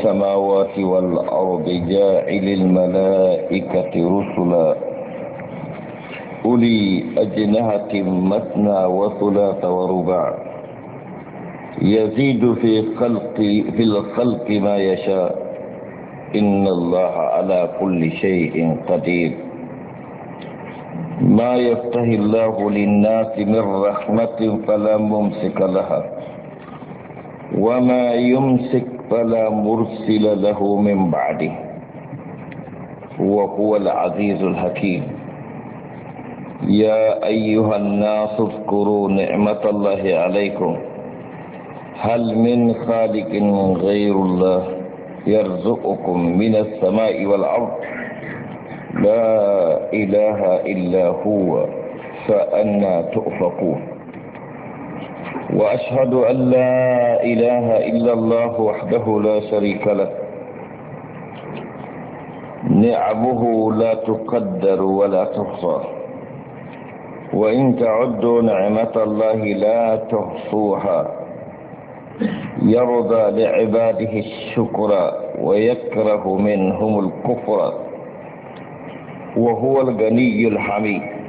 السماوات والأرض جاعل الملائكة رسلا أولي أجنهة مثنى وثلاث ورباع يزيد في خلق في الخلق ما يشاء إن الله على كل شيء قدير ما يفتح الله للناس من رحمة فلا ممسك لها وما يمسك فلا مرسل له من بعده وهو العزيز الحكيم يا أيها الناس اذكروا نعمة الله عليكم هل من خالق غير الله يرزقكم من السماء والأرض لا إله إلا هو فأنا تؤفقون وأشهد أن لا إله إلا الله وحده لا شريك له نعمه لا تقدر ولا تحصى وإن تعدوا نعمة الله لا تحصوها يرضى لعباده الشكر ويكره منهم الكفر وهو الغني الحميد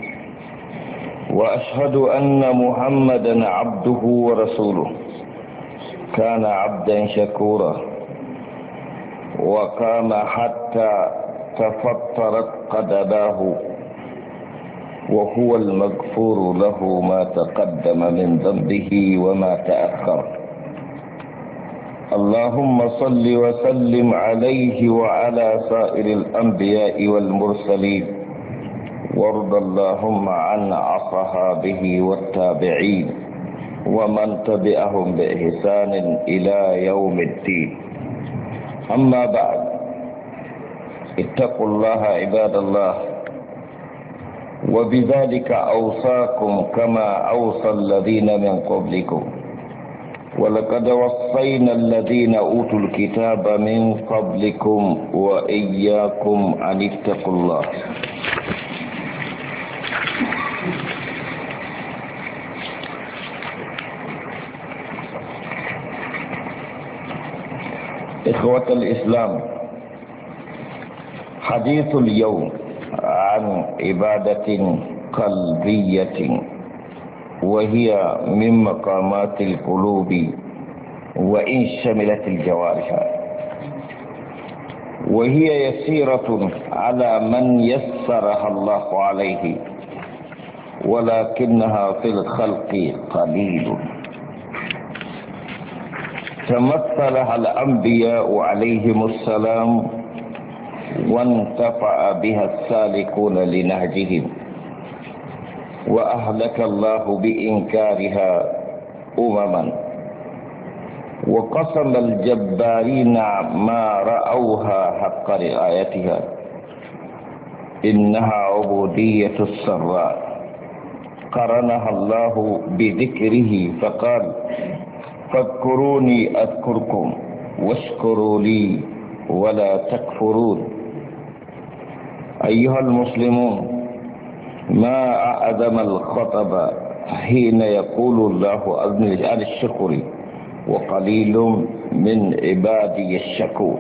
وأشهد أن محمدا عبده ورسوله كان عبدا شكورا وقام حتى تفطرت قدماه وهو المغفور له ما تقدم من ذنبه وما تأخر اللهم صل وسلم عليه وعلى سائر الأنبياء والمرسلين وارض اللهم عن أصحابه والتابعين ومن تبعهم بإحسان إلى يوم الدين أما بعد اتقوا الله عباد الله وبذلك أوصاكم كما أوصى الذين من قبلكم ولقد وصينا الذين أوتوا الكتاب من قبلكم وإياكم أن اتقوا الله إخوة الإسلام حديث اليوم عن عبادة قلبية وهي من مقامات القلوب وإن شملت الجوارح وهي يسيرة على من يسرها الله عليه ولكنها في الخلق قليل تمثلها الأنبياء عليهم السلام وانتفع بها السالكون لنهجهم وأهلك الله بإنكارها أمما وقسم الجبارين ما رأوها حق رعايتها إنها عبودية السراء قرنها الله بذكره فقال فاذكروني أذكركم واشكروا لي ولا تكفرون أيها المسلمون ما أعظم الخطب حين يقول الله عن الشكر وقليل من عبادي الشكور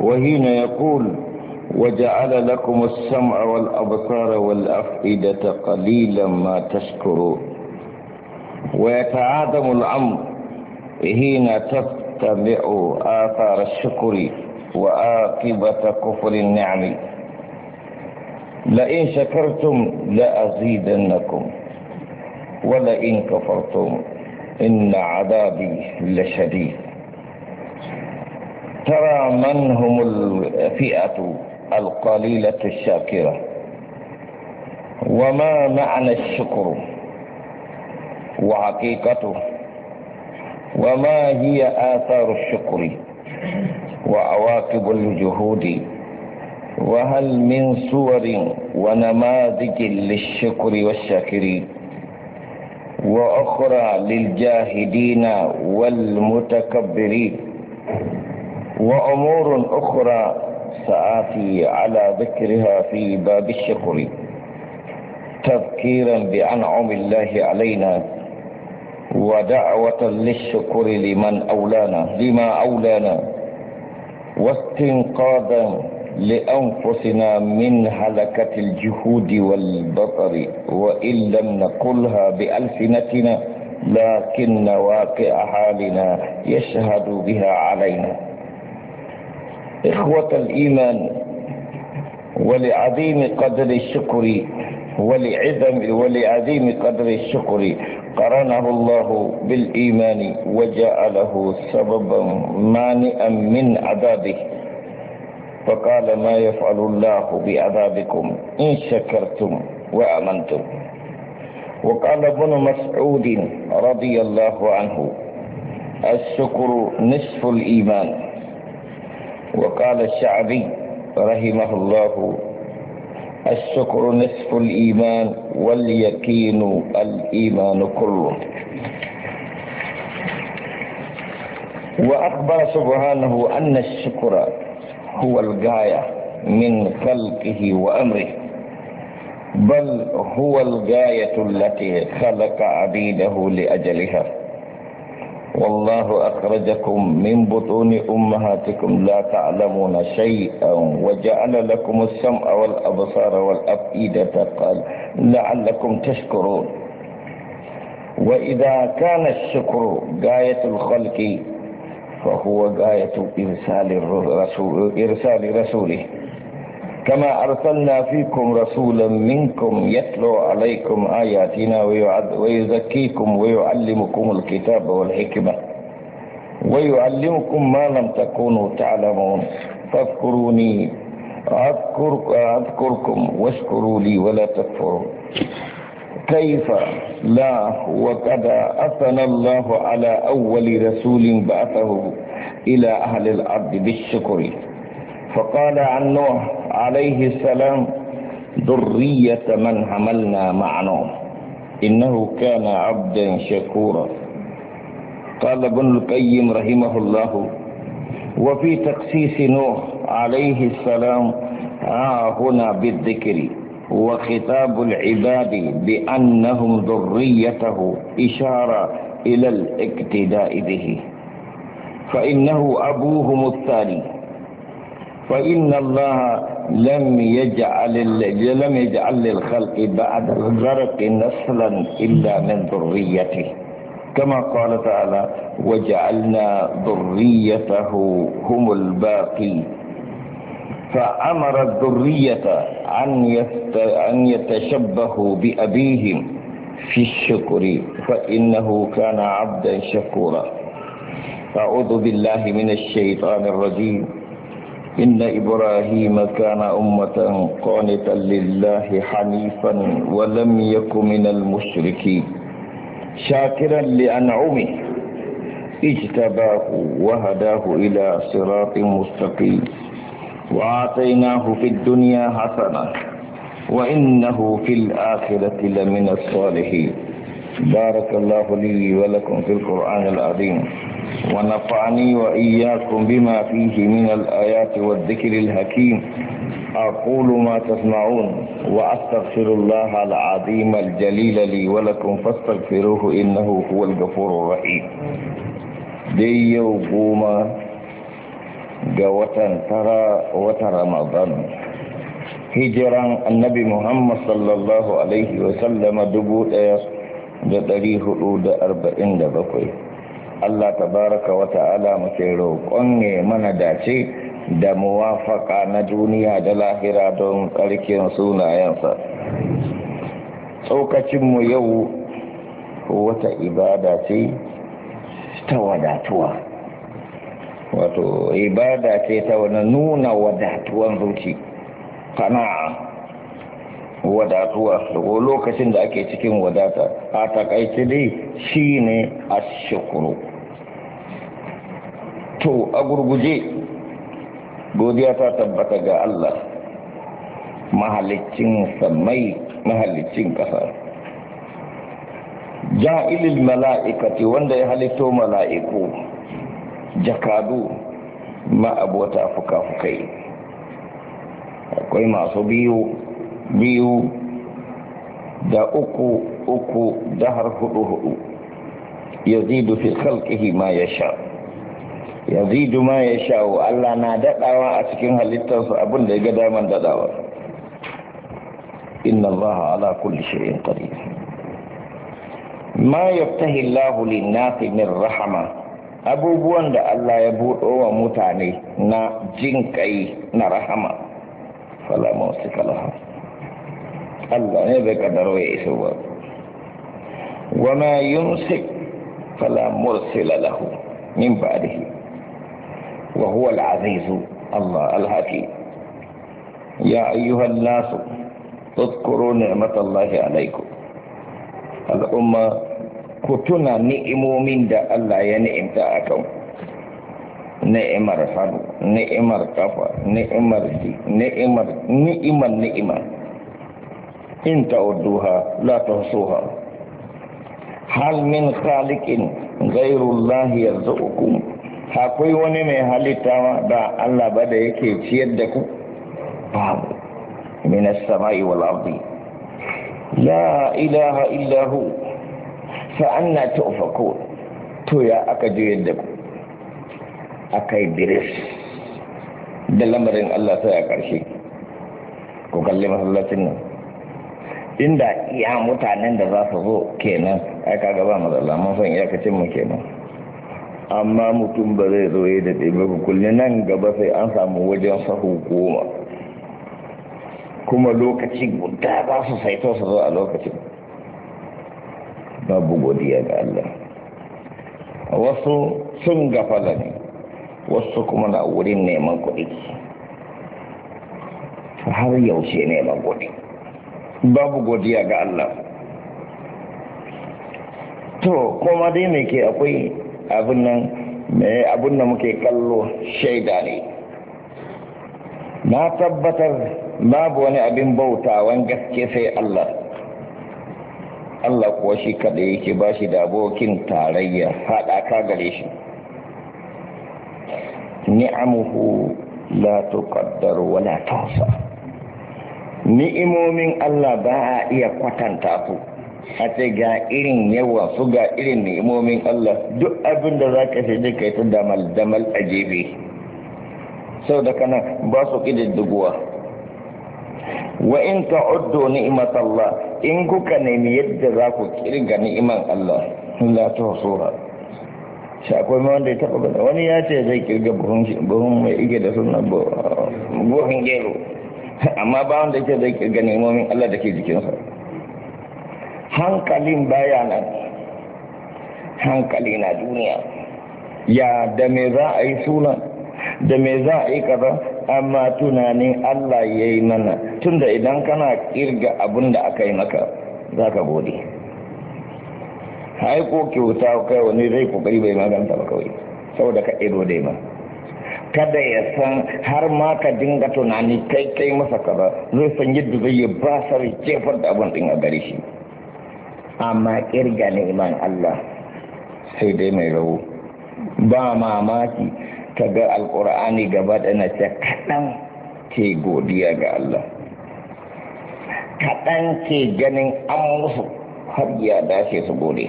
وحين يقول وجعل لكم السمع والأبصار والأفئدة قليلا ما تشكرون ويتعادم الأمر حين تتبع آثار الشكر وآقبة كفر النعم لئن شكرتم لأزيدنكم ولئن كفرتم إن عذابي لشديد ترى من هم الفئة القليلة الشاكرة وما معنى الشكر وحقيقته وما هي آثار الشكر وعواقب الجهود وهل من صور ونماذج للشكر والشاكرين وأخرى للجاهدين والمتكبرين وأمور أخرى سآتي على ذكرها في باب الشكر تذكيرا بأنعم الله علينا ودعوة للشكر لمن أولانا لما أولانا واستنقاذا لأنفسنا من هلكة الجهود والبطر وإن لم نقلها بألسنتنا لكن واقع حالنا يشهد بها علينا إخوة الإيمان ولعظيم قدر الشكر ولعظم ولعظيم قدر الشكر قرنه الله بالإيمان وجعله سببا مانئا من عذابه فقال ما يفعل الله بعذابكم إن شكرتم وآمنتم وقال ابن مسعود رضي الله عنه الشكر نصف الإيمان وقال الشعبي رحمه الله الشكر نصف الإيمان واليقين الإيمان كله وأخبر سبحانه أن الشكر هو الغاية من خلقه وأمره بل هو الغاية التي خلق عبيده لأجلها والله أخرجكم من بطون أمهاتكم لا تعلمون شيئا وجعل لكم السمع والأبصار والأفئدة قال لعلكم تشكرون وإذا كان الشكر غاية الخلق فهو غاية إرسال رسول إرسال رسوله كما أرسلنا فيكم رسولا منكم يتلو عليكم آياتنا ويزكيكم ويعلمكم الكتاب والحكمة ويعلمكم ما لم تكونوا تعلمون فاذكروني أذكر أذكركم واشكروا لي ولا تكفروا كيف لا وقد أثنى الله على أول رسول بعثه إلى أهل الأرض بالشكر فقال عن نوح عليه السلام ذرية من حملنا مع نوح إنه كان عبدا شكورا قال ابن القيم رحمه الله وفي تقسيس نوح عليه السلام ها هنا بالذكر وخطاب العباد بأنهم ذريته إشارة إلى الاقتداء به فإنه أبوهم الثاني فإن الله لم يجعل لم يجعل للخلق بعد الغرق نسلا إلا من ذريته كما قال تعالى وجعلنا ذريته هم الباقي فأمر الذرية أن, أن يتشبهوا بأبيهم في الشكر فإنه كان عبدا شكورا أعوذ بالله من الشيطان الرجيم إن إبراهيم كان أمة قانتا لله حنيفا ولم يك من المشركين شاكرا لأنعمه اجتباه وهداه إلى صراط مستقيم وآتيناه في الدنيا حسنة وإنه في الآخرة لمن الصالحين بارك الله لي ولكم في القرآن العظيم ونفعني وإياكم بما فيه من الآيات والذكر الحكيم أقول ما تسمعون وأستغفر الله العظيم الجليل لي ولكم فاستغفروه إنه هو الغفور الرحيم دي يوم جوة ترى وترمضان hijiran annabi Muhammad sallallahu Alaihi wasallam dubu ɗaya da ɗari hudu da arba'in da Allah ta tabaraka wa ta'ala muke roƙon ne mana dace da muwafaka na duniya da lahira don ƙarƙin sunayensa tsokacinmu yau wata ibada ce ta wadatuwa wato ibada ce ta wani nuna wadatuwan zuci kana wadatuwa Ko lokacin da ake cikin wadata a takaice dai shine shekuru. to a gurguje godiya ta tabbata ga Allah mahalicin samai mahalicin ƙasa ja'ilil mala'ikati wanda ya halitto mala'iku jakadu ma'abota fuka-fukai akwai masu biyu biyu da uku uku da har hudu hudu yazidu fi khalqihi ma yasha' yazidu ma ya sha'u Allah na dadawa a cikin halittarsa abin da ya ga daman dadawa inna Allah ala kulli shay'in qadir ma yaftahi Allah lin-nasi min rahama abubuwan da Allah ya buɗo wa mutane na jin kai na rahama fala mawsika laha Allah ne bai kaddaro ya isa ba wa ma yumsik fala mursila lahu min ba'dihi وهو العزيز الله الحكيم يا أيها الناس اذكروا نعمة الله عليكم الأمة كتنا نئمو من دا الله ينئم تأكم ni'imar hannu ni'imar kafa ni'imar ji ni'imar ni'imar ni'ima in ta'udduha la tuhsuha hal min khaliqin ghayrullahi yarzuqukum akwai wani mai halitta da Allah ba da yake ciyar da ku babu min as-sama'i wal ardi la ilaha illa hu fa anna tufaku to ya aka je yadda ku akai diris da lamarin Allah sai a ƙarshe ku kalli masallacin nan inda iya mutanen da za su zo kenan ai kaga ba mu da son iyakacin mu kenan amma mutum ba zai zo ya daɗe ba kullum nan gaba sai an samu wajen sahu goma kuma lokaci guda ba su saito su zo a lokacin babu godiya ga Allah wasu sun gafala ne wasu kuma na wurin neman kuɗi har yaushe neman kuɗi babu godiya ga Allah to kuma dai me ke akwai abin nan abin da muke kallo shaida ne na tabbatar babu wani abin bautawan gaske sai Allah Allah kuwa shi kaɗai yake ba shi da abokin tarayya haɗaka gare shi ni'amuhu la tuqaddaru wa la tuhsa ni'imomin Allah ba a iya kwatanta ku. a ga irin yawa su ga irin ni'imomin Allah duk abin da za ka shaidu ka yi ta damal damal a jebe sau da kana ba su ƙididdiguwa wa in ta uddo ni'imat Allah in kuka nemi yadda za ku kirga ni'iman Allah la ta sura shi akwai ma wanda ya taba gada wani ya ce zai kirga buhun mai da suna buhun gero amma ba wanda ya ce zai kirga nemomin Allah da ke jikinsa hankalin baya nan hankali na duniya ya da me za a yi sunan da me za a yi kaza amma tunanin Allah ya yi mana tunda idan kana kirga abin da aka yi maka za ka gode haiko kyauta kai wani zai kokari bai maganta ba kawai saboda ka ido dai ma kada ya san har ma ka dinga tunani kai kai masa kaza zai san yadda zai yi ba sarai jefar da abin din a gare shi amma kirga neman Allah sai dai mai rawo ba mamaki ka ga alkur'ani gaba da na ce kaɗan ke godiya ga Allah kaɗan ke ganin an musu har ya dace su gode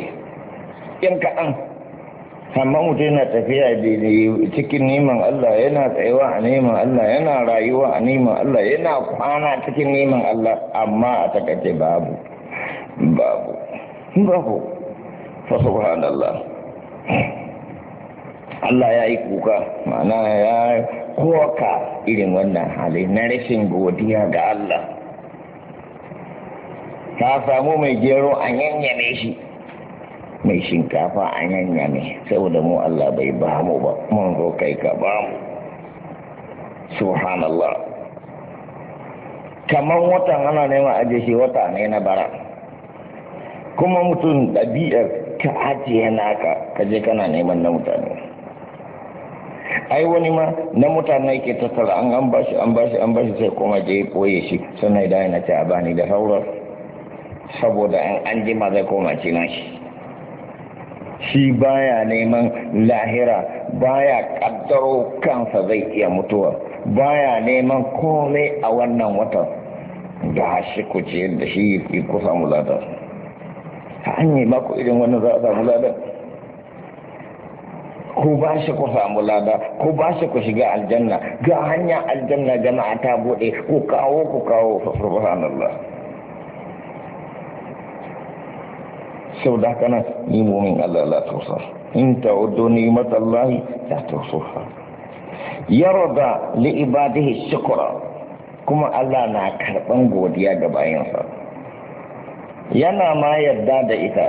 yan kaɗan amma mutum yana tafiya cikin neman Allah yana tsayawa a neman Allah yana rayuwa a neman Allah yana kwana cikin neman Allah amma a takaice babu babu babu fa subhanallah Allah ya yi kuka ma'ana ya koka irin wannan hali na rashin godiya ga Allah ta samu mai gero a yanyame shi mai shinkafa a yanyame saboda mu Allah bai ba mu ba mun zo kai ka ba mu subhanallah kamar watan ana nema aje shi wata ne na bara kuma mutum ɗabi'ar ka ajiye naka ka je kana neman na mutane ai wani ma na mutane ke tattara an an bashi an bashi an bashi sai kuma je koye shi sannan idan yana ce a bani da haurar saboda an an jima zai koma ci na shi shi baya neman lahira baya kaddaro kansa zai iya mutuwa baya neman komai a wannan watan da shi ku da shi ku samu su an yi maku irin wannan za a samu ladan Ko ba shi ku samu lada ko ba shi ku shiga aljanna ga hanya aljanna jama'a ta bude ku kawo ku kawo subhanallah sau da haka nan ni Allah la tusa in ta'uddu ni'matallahi la ya rada li ibadihi shukra kuma Allah na karban godiya ga bayansa yana ma yarda da ita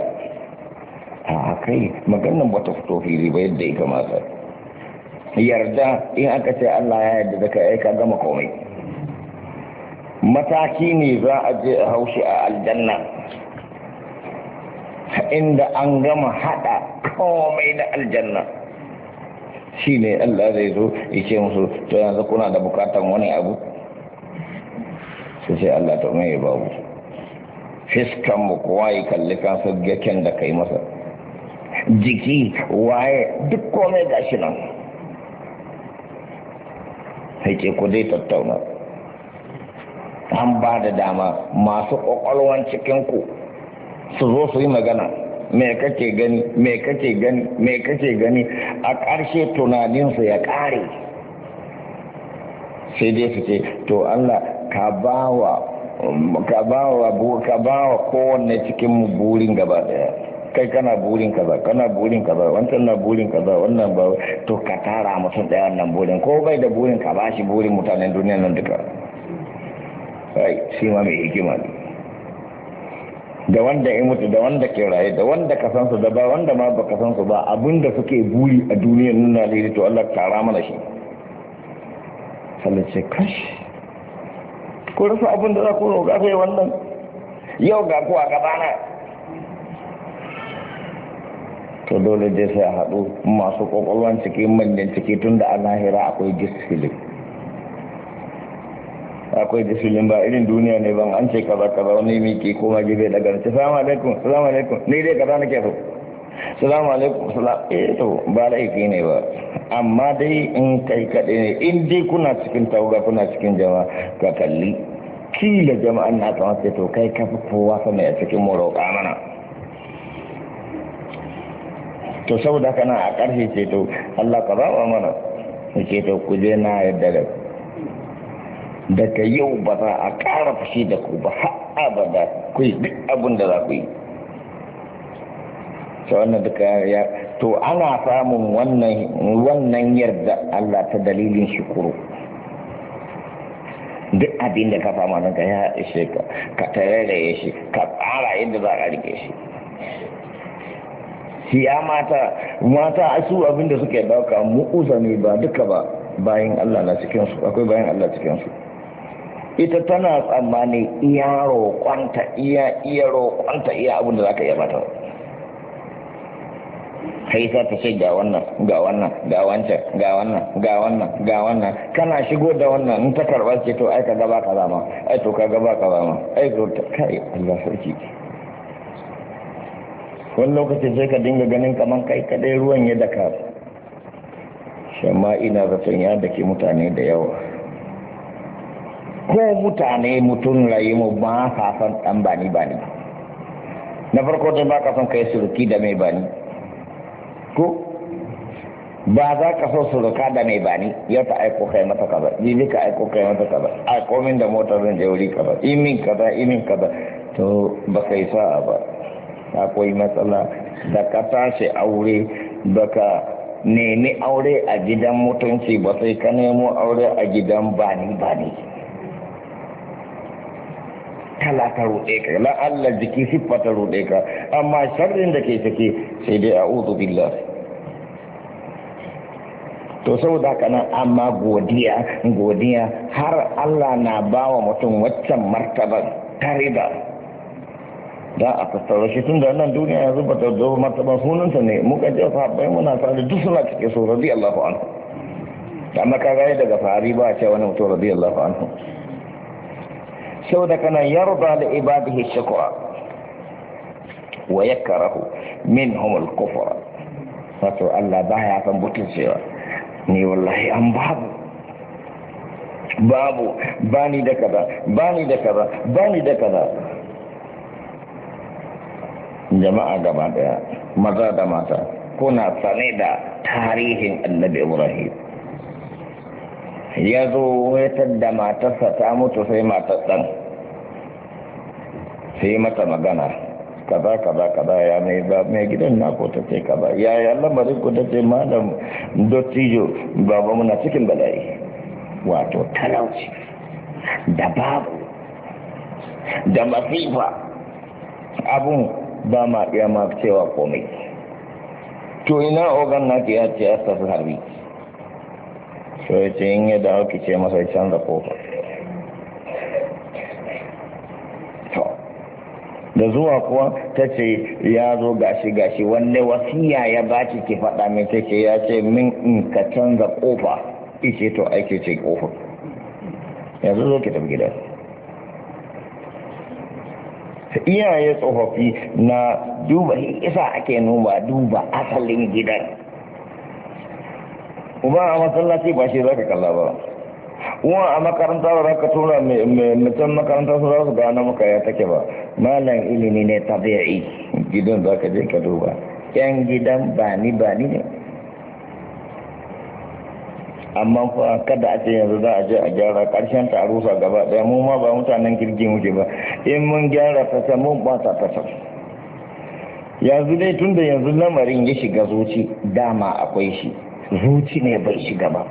a kai maganin wata fito fili ba yadda ya kamata yarda in aka ce Allah ya yarda da kai ka gama komai mataki ne za a je a haushi a aljanna inda an gama hada komai da aljanna shi ne Allah zai zo ya ce musu to yanzu kuna da bukatan wani abu sai sai Allah ta mai babu fiskan mu kowa ya kalli kansa gaken da kai masa jiki waye duk komai shi nan haike ku dai tattauna an ba da dama masu ƙwaƙwalwan cikinku su zo su yi magana me kake gani me kake gani me kake gani a ƙarshe tunaninsu ya ƙare sai dai su ce to Allah ka ba wa ka ba wa ka ba wa kowanne cikin mu burin gaba daya kai kana burin kaza kana burin kaza wancan na burin kaza wannan ba to ka tara mutum daya wannan burin ko bai da burin ka ba shi burin mutanen duniya nan duka sai shi ma mai hikima ne da wanda ya mutu da wanda ke raye da wanda ka san su da ba wanda ma baka san su ba abinda suke buri a duniyar nuna ne to Allah tara mana shi sallace kashi Ko rasa abin da za ku roƙa sai wannan yau ga kuwa a gabana to dole dai sai a haɗu masu ƙwaƙwalwan ciki manyan ciki tun da a lahira akwai disfilin akwai disfilin ba irin duniya ne ban an ce kaza kaza wani miki koma gibe daga ce salamu alaikum salamu alaikum ni dai kaza nake so salamu alaikum salam eh to ba laifi ne ba amma dai in kai kaɗai ne in dai kuna cikin tauga kuna cikin jama'a ka kalli kila jama'an na kama sai to kai fito kowa mai a cikin mu roƙa mana to saboda kana na a ƙarshe ce to Allah ka wa mana ke to ku na yadda da daga yau ba za a ƙara fushi da ku ba har abada ku yi duk abin da za ku yi ta wannan duka ya to ana samun wannan wannan yarda Allah ta dalilin shukuru duk abin da ka fama nan ka ya ishe ka ka ya shi ka tsara inda za ka rike shi ya mata mata su abin da suke dauka mu'uza ne ba duka ba bayan Allah na cikin su akwai bayan Allah cikin su ita tana tsammani iya roƙonta iya iya roƙonta iya abin da za ka iya mata kai za ta ce ga wannan ga wannan ga wancan ga wannan ga wannan ga wannan kana shigo da wannan in ta karɓar ce to ai ka gaba ka zama ai to ka gaba ka zama ai to kai Allah sarki wani lokacin sai ka dinga ganin kamar kai kadai ruwan ya daka shamma ina zaton ya dake mutane da yawa ko mutane mutum rayu mu ba sa san dan bani bani na farko dai ba ka san kai suruki da mai bani ko ba za ka so su ruka da mai bani yau ta aiko kai mata kaza jibi ka aiko kai mata kaza a komin da motar zan je wuri kaza imin kaza imin kaza to ba ka yi sa'a ba akwai matsala da ka tashi aure ba ka nemi aure a gidan mutunci ba sai ka nemo aure a gidan bani bani kala ta ruɗe ka na Allah jiki siffa ta ruɗe ka amma sharrin da ke take sai dai a'udhu billah to saboda haka nan amma godiya godiya har Allah na bawa mutum waccan martaba ta riba da a fassara shi tun da wannan duniya yanzu zuba ta zo martaba, sunanta ne muka je sahabbai muna tare duk suna cikin so radiyallahu anhu amma kaga daga fari ba ce wani mutum radiyallahu anhu سو دکنا يرضى لعباده الشكر ويكره منهم الكفر فتو الله بايا فنبوتن سيرا ني والله ام باب باب باني دكذا باني دكذا باني دكذا جماعة جماعة مزادة مزادة كنا سنيدا تاريخ النبي إبراهيم ya zo wetar da matarsa ta mutu sai matar ɗan sai mata magana kaza kaza kaza ya mai ba mai gidan na ko ta ce kaza ya yi lamarin ko ta ce malam dottijo baba muna cikin bala'i wato talauci da babu da masifa abun ba ma iya ma cewa komai to ina ogan na ke ya ce ya tafi harbi to ya ce in yadda dawo ce masa canza kofa da zuwa kuwa ta ce ya zo gashi gashi wanne wasiya ya ba ki faɗa min ta ce ya ce min in ka canza kofa ishe to aike ce kofa yanzu zo ki tafi gida iyaye tsofaffi na duba isa ake noma duba asalin gidan kuma a masallaci ba shi za ka kalla ba kuma a makaranta ba za ka tura mutum makaranta su za su gano maka ya take ba malam ilimi ne tabi'i gidan za ka je ka duba yan gidan ba ni ba ni ne amma fa kada a ce yanzu za a je a gyara karshen ta a rusa gaba daya mu ma ba mutanen kirgin muke ba in mun gyara fasa mun bata fasa yanzu dai tun da yanzu lamarin ya shiga zuci dama akwai shi zuci ne bai shiga ba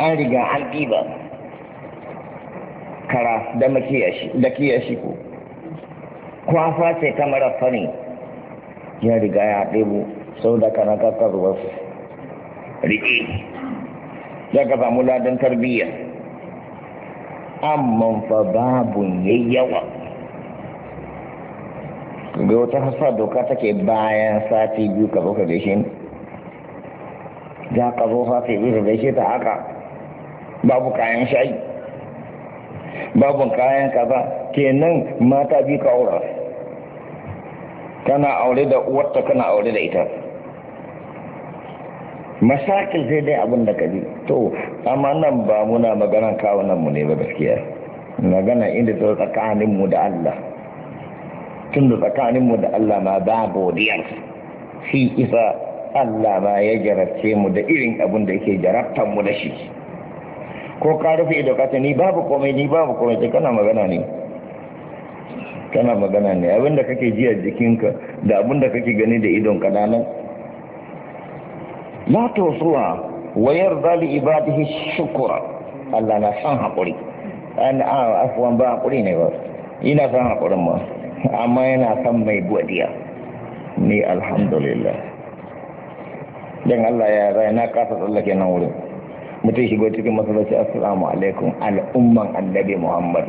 an riga an ɗiba kara da makiyashi ko kwafa ce ta mara fani ya riga ya ɗebo sau da kana kakar wasu riƙe ya gaba mula ladan tarbiyya amma fa ya yayyawa ga wata hasa doka take bayan sati biyu ka zo ka ne za ka zo fa biyu ka gaishe ta haka babu kayan shayi babu kayan kaza kenan mata bi ka aura kana aure da uwarta kana aure da ita masakil sai dai abin da kaji to amma nan ba muna maganan kawunan mu ne ba gaskiya magana inda ta tsakaninmu da Allah tun da tsakanin da Allah ma ba godiyar shi isa Allah ba ya jarabce mu da irin abin da yake jarabtan mu da shi ko ka rufe ido ka ni babu komai ni babu komai ce kana magana ne kana magana ne abin da kake ji a jikinka da abin da kake gani da idon ka nan la tosuwa wa yarda li ibadihi shukura Allah na san hakuri an afwan ba hakuri ne ba ina san hakurin ma amma yana san mai godiya ni alhamdulillah dan Allah ya raya na kasa tsallake nan wurin mutum shigo cikin masallaci assalamu alaikum al'umman annabi muhammad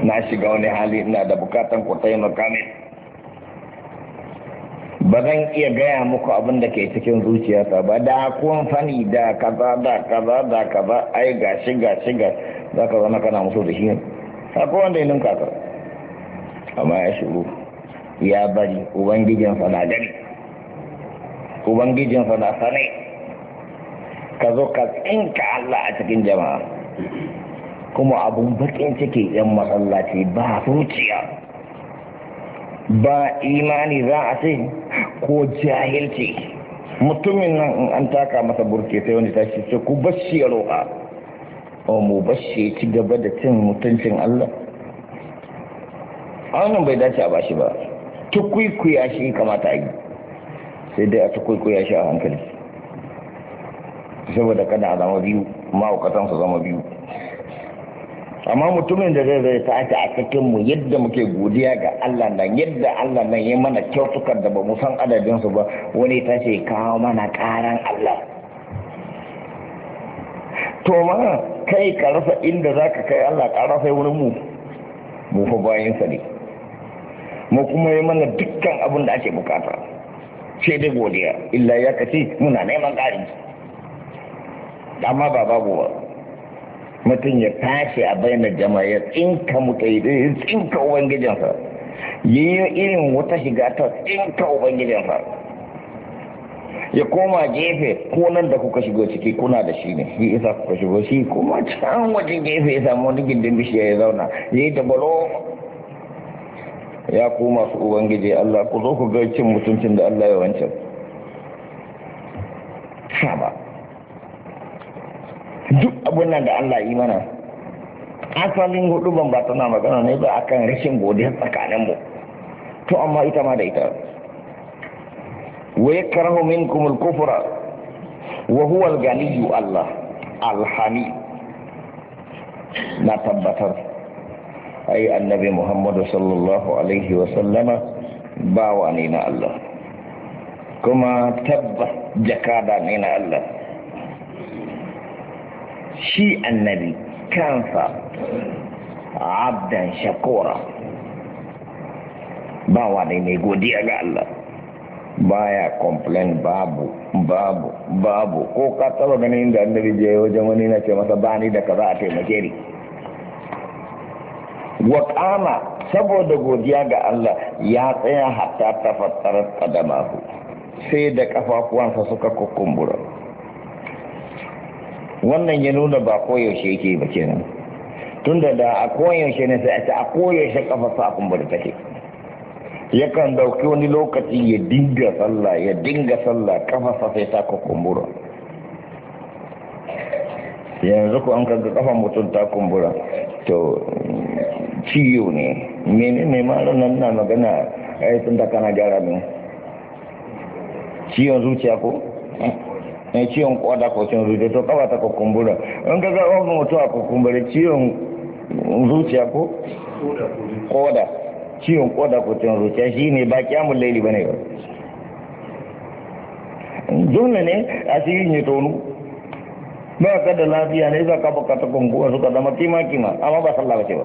na shiga wani hali ina da bukatan ku taimaka min ba zan iya gaya muku abinda ke cikin zuciyarsa ba da kun fani da kaza da kaza da kaza ai gashi shiga ga za ka zama kana musu da shi sako wanda ya ninka amma ya shiru ya bari sa na gani sa na sane ka zo ka tsinka Allah a cikin jama'a kuma abun bakin ciki yan masallaci ba zuciya ba imani za a ce ko jahilci mutumin nan in an taka masa burke sai wani tashi ce ku bashi ya roƙa o oh, mu bashi ya ci gaba da cin mutuncin Allah a wannan bai dace a bashi ba tukwikwiya shi kamata a yi sai dai a ta kwaikwaya shi a hankali saboda kada a zama biyu maaukatansa zama biyu amma mutumin da zai zai tashi a cikin yadda muke godiya ga Allah nan yadda Allah nan ya mana kyautukan da ba mu san adadin ba wani ta ce kawo mana karan Allah to ma kai ka rasa inda zaka kai Allah ƙara sai wurin mu mu fa bayin ne mu kuma yi mana dukkan abin da ake bukata sai dai godiya illa ya kace muna neman ƙari amma ba babu ba mutum ya tashi a bayanar jama'a ya tsinka mutai ya tsinka ubangijinsa yi irin wata shiga ta tsinka ubangijinsa ya koma gefe ko nan da kuka shigo ciki kuna da shi ne shi isa kuka shigo shi kuma can wajen gefe ya samu wani gindin bishiya ya zauna ya yi da balo ya ku masu ubangiji Allah ku zo ku ga cin mutuncin da Allah ya wancan saba duk abin nan da Allah yi mana asalin hudu ban ba tana magana ne ba akan rashin godiya tsakanin mu to amma ita ma da ita wa yakrahu minkum al-kufra wa huwa al Allah al-hamid na tabbatar Ayi annabi muhammadu sallallahu alaihi wasallama bawa ni na Allah kuma tabba jakada ni na Allah shi annabi kansa abdan shakora bawa ne mai godiya ga Allah baya complain babu babu babu ko ka taba ganin da annabi je wajen wani na ce masa bani da kaza a taimake ni wa kama saboda godiya ga Allah ya tsaya hatta ta fattara kadamahu sai da kafafuwansa suka kukumbura wannan ya nuna ba koyaushe yake ba kenan Tun da da a koyaushe ne sai a ce a koyaushe kafafu a kumbura take yakan dauki wani lokaci ya dinga sallah ya dinga sallah kafafa sai ta kukumbura yanzu ku an kaga kafa mutum ta kumbura to Ciyo ne mene ne marar nan na magana a yi tun kana gyara ne ciyon zuciya ko ne ciyon kwada ko ciwon zuciya to kawai ta kukumbura in ka zaɓa wani mutu a kukumbura ciyon zuciya ko kwada ciyon kwada ko cin zuciya shi ne ba kyamun laili ba ne ba dole ne asiri ne tonu ba ka da lafiya ne za ka bukata kunguwa suka zama kima kima amma ba sallah ba ce ba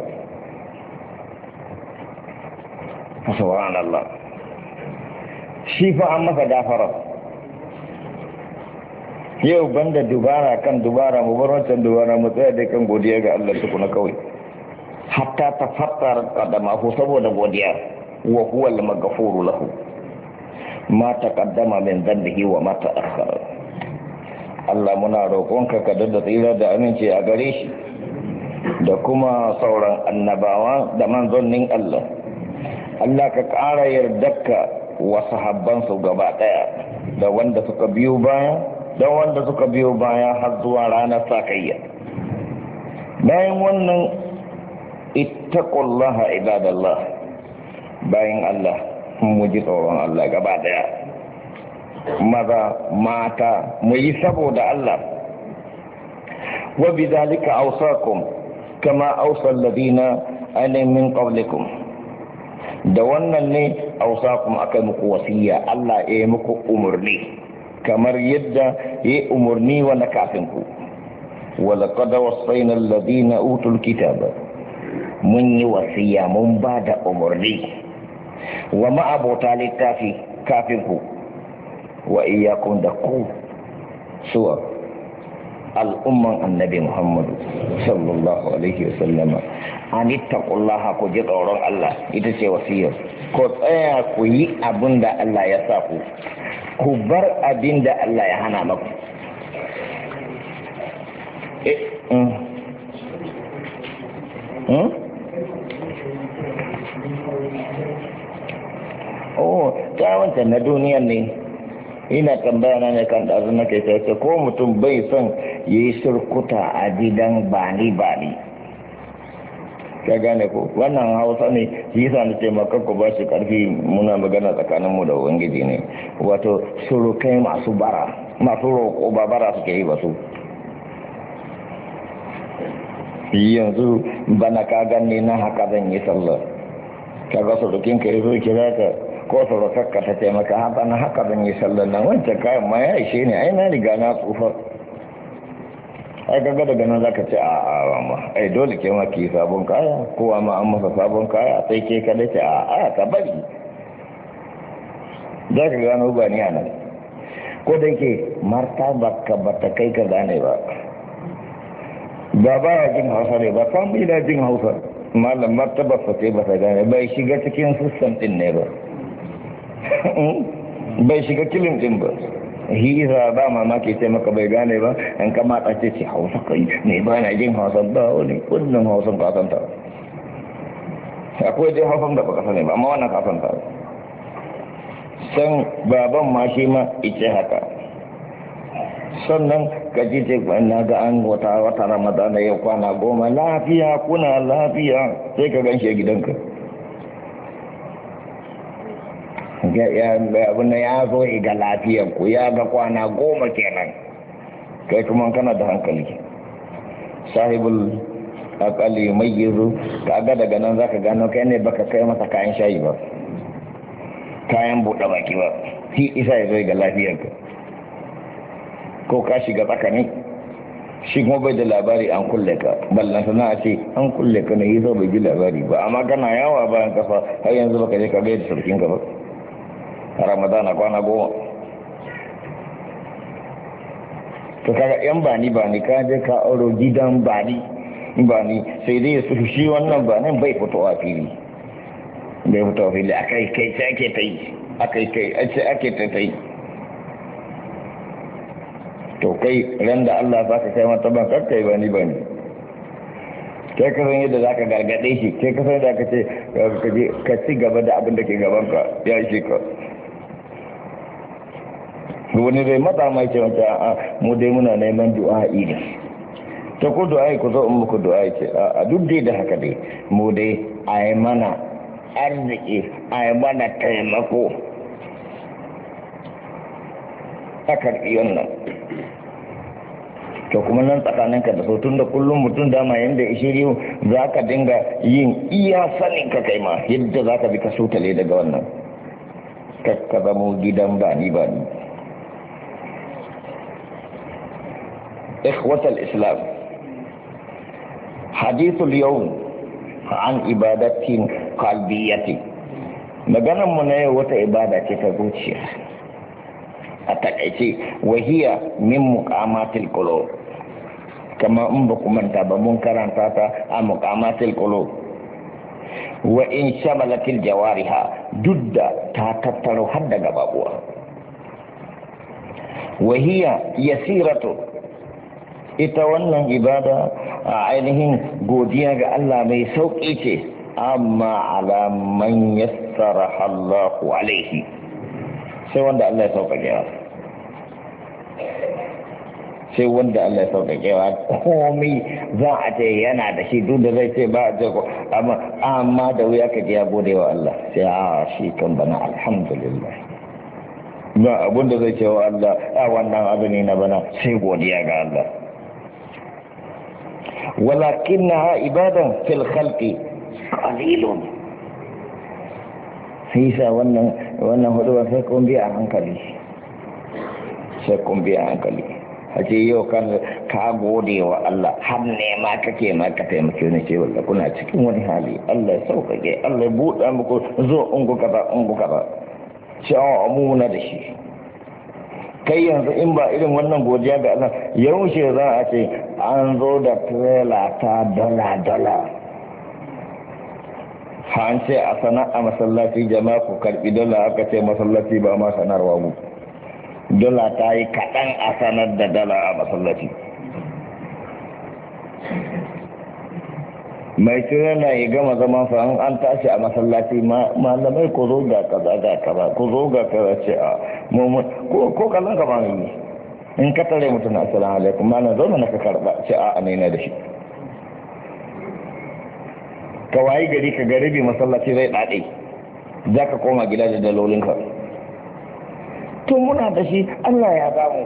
sauran Allah shi fa an masa gafara yau banda dubara kan dubara mu bar wancan dubara mu tsaya dai kan godiya ga Allah tukuna kawai hatta ta fattar kadamahu saboda godiya wa huwa al-maghfuru lahu ma taqaddama min dhanbihi wa ma ta'akhkhara Allah muna roƙonka ka da tsira da aminci a gare shi da kuma sauran annabawa da manzonnin Allah Allah ka ƙara yardarka wa sahabbansu gaba ɗaya da wanda suka biyo baya da wanda suka biyo baya har zuwa ranar sakayya bayan wannan ittaqullaha ibadallah bayan Allah mu ji tsoron Allah gaba ɗaya maza mata mu yi saboda Allah wa bi zalika awsakum kama awsa alladhina min qablikum da wannan ne ausa kuma aka muku wasiya Allah ya yi muku umarni kamar yadda ya yi umarni wani na kafin ku wala kada wasfaina lalazi na utul kitaba mun yi wasiya mun ba da umarni wa ma'abota littafi kafin ku wa iyakun da ku suwa al'umman annabi muhammadu sallallahu alaihi sallama an ittaqullaha ku ji tsoron Allah ita ce wasiyar ko tsaya ku yi abin da Allah ya sa ku ku bar abin da Allah ya hana maku eh, mm. hmm? Oh, ta wancan na duniyan ne ina tambaya na ne kan ɗazu na kai sai ko mutum bai son ya yi surkuta a gidan bani bani ka gane ko wannan hausa ne shi yasa na ce maka ku ba shi karfi muna magana tsakanin mu da ubangiji ne wato surukai masu bara masu roƙo ba bara suke yi ba su yanzu bana ka gane na haka zan yi sallar kaga surukin ka yi so kira ka ko kakka ta taimaka haɓa na haka ban yi sallan nan wancan kayan ma ya ishe ne ai na riga na tsufa ai kaga daga nan zaka ce a a ma ai dole ke ma ki sabon kaya kowa ma an masa sabon kaya sai ke kada ce a a ka bari za ka gano ba ni a nan ko da yake ba ka ba ta kai ka gane ba ba ba ya jin hausa ne ba kan bai da jin hausa malam martaba sa ce ba ta gane bai shiga cikin sistan din ne ba Eh? bai shiga kilin din ba hira ba mamaki sai maka bai gane ba an kama ɗace ce hausa kai ne ba na jin hausa ba wani wannan hausan ka san ta akwai dai hausa da baka sani ba amma wannan ka san ta san baban ma shi ma ice haka sannan ka ji ce na ga an wata wata ramadana yau kwana goma lafiya kuna lafiya sai ka gan shi gidanka abin ya zo ga lafiyar ku ya ga kwana goma kenan kai kuma kana da hankali sahibul akali mai ka ga daga nan zaka gano kai ne baka kai masa kayan shayi ba kayan buɗe baki ba shi isa ya zo ga lafiyar ka ko ka shiga tsakani shi kuma bai da labari an kulle ka ballan sana a ce an kulle ka na yi zo bai ji labari ba amma kana yawa bayan kafa har yanzu baka je ka gaida sarkin ka ba ramadana kwana goma to kaga yan bani bani ka je ka auro gidan bani bani sai dai su shi wannan banin bai fitowa fili bai fitowa fili akai kai sai ake ta yi akai kai a ce ake ta ta yi to kai ran da Allah za ka kai mata ban kar kai bani bani kai ka san yadda za ka gargaɗe shi kai ka san yadda ka ce ka ci gaba da abin da ke gaban ka ya shi ka wani zai matsa mai ce mace a mu dai muna neman du'a'i ne ta ku du'a'i ku zo in muku du'a'i ce a duk dai da haka dai mu dai a yi mana arziki a yi mana taimako a karfi wannan to kuma nan tsakanin ka da sautun da kullum mutum dama yadda ishe shirya za ka dinga yin iya sanin ka kai ma yadda za ka bi ka sutale daga wannan ka zamo gidan ba ni ba ni إخوة الإسلام حديث اليوم عن إبادة قلبية مجانا منايا وتا إبادة تفوتشي أتكأتي وهي من مقامات القلوب كما أنبق من تابا منكرا تاتا مقامات القلوب وإن شملت الجوارح جدا تاتتر حد قبابها وهي يسيرة ita wannan ibada a ainihin godiya ga Allah mai sauƙi ce amma ala man yassara Allahu alaihi sai wanda Allah ya sauƙaƙe wa sai wanda Allah ya sauƙaƙe wa komai za a ce yana da shi duk da zai ce ba a ko, amma amma da wuya ka ji ya gode wa Allah sai a shi kan bana alhamdulillah ba abin da zai ce wa Allah a wannan abu ne na bana sai godiya ga Allah ولكنها عبادة في الخلق قليل فيسا وانا وانا هدوا فيكم بيا عنكلي فيكم بيا عنكلي هجي يو كان كاغودي و الله حني ما كتي ما كتي ما كتي نشي ولا كنا تكي موني حالي الله سوك جي الله بوت امكو زو انكو كبا انكو كبا شعو امونا دشي kai yanzu in ba irin wannan godiya ga Allah yaushe za a ce an zo da trela ta dala dala an ce a sana'a masallaci jama'a ku karbi dala aka ce masallaci ba ma sanarwa mu dala ta yi kaɗan a sanar da dala a masallaci mai tunan na ya gama zaman sa an tashi a masallaci malamai ko zo ga kaza ga kaza ko zo ga kaza ce a ah, mummun ko kallon ka ba ne in ka tare mutum assalamu alaikum malam zo ah, na ka karba ce a a da shi ka wayi gari ka garibi masallaci zai dade za ka koma gida da dalolin ka. tun muna da shi allah ya damu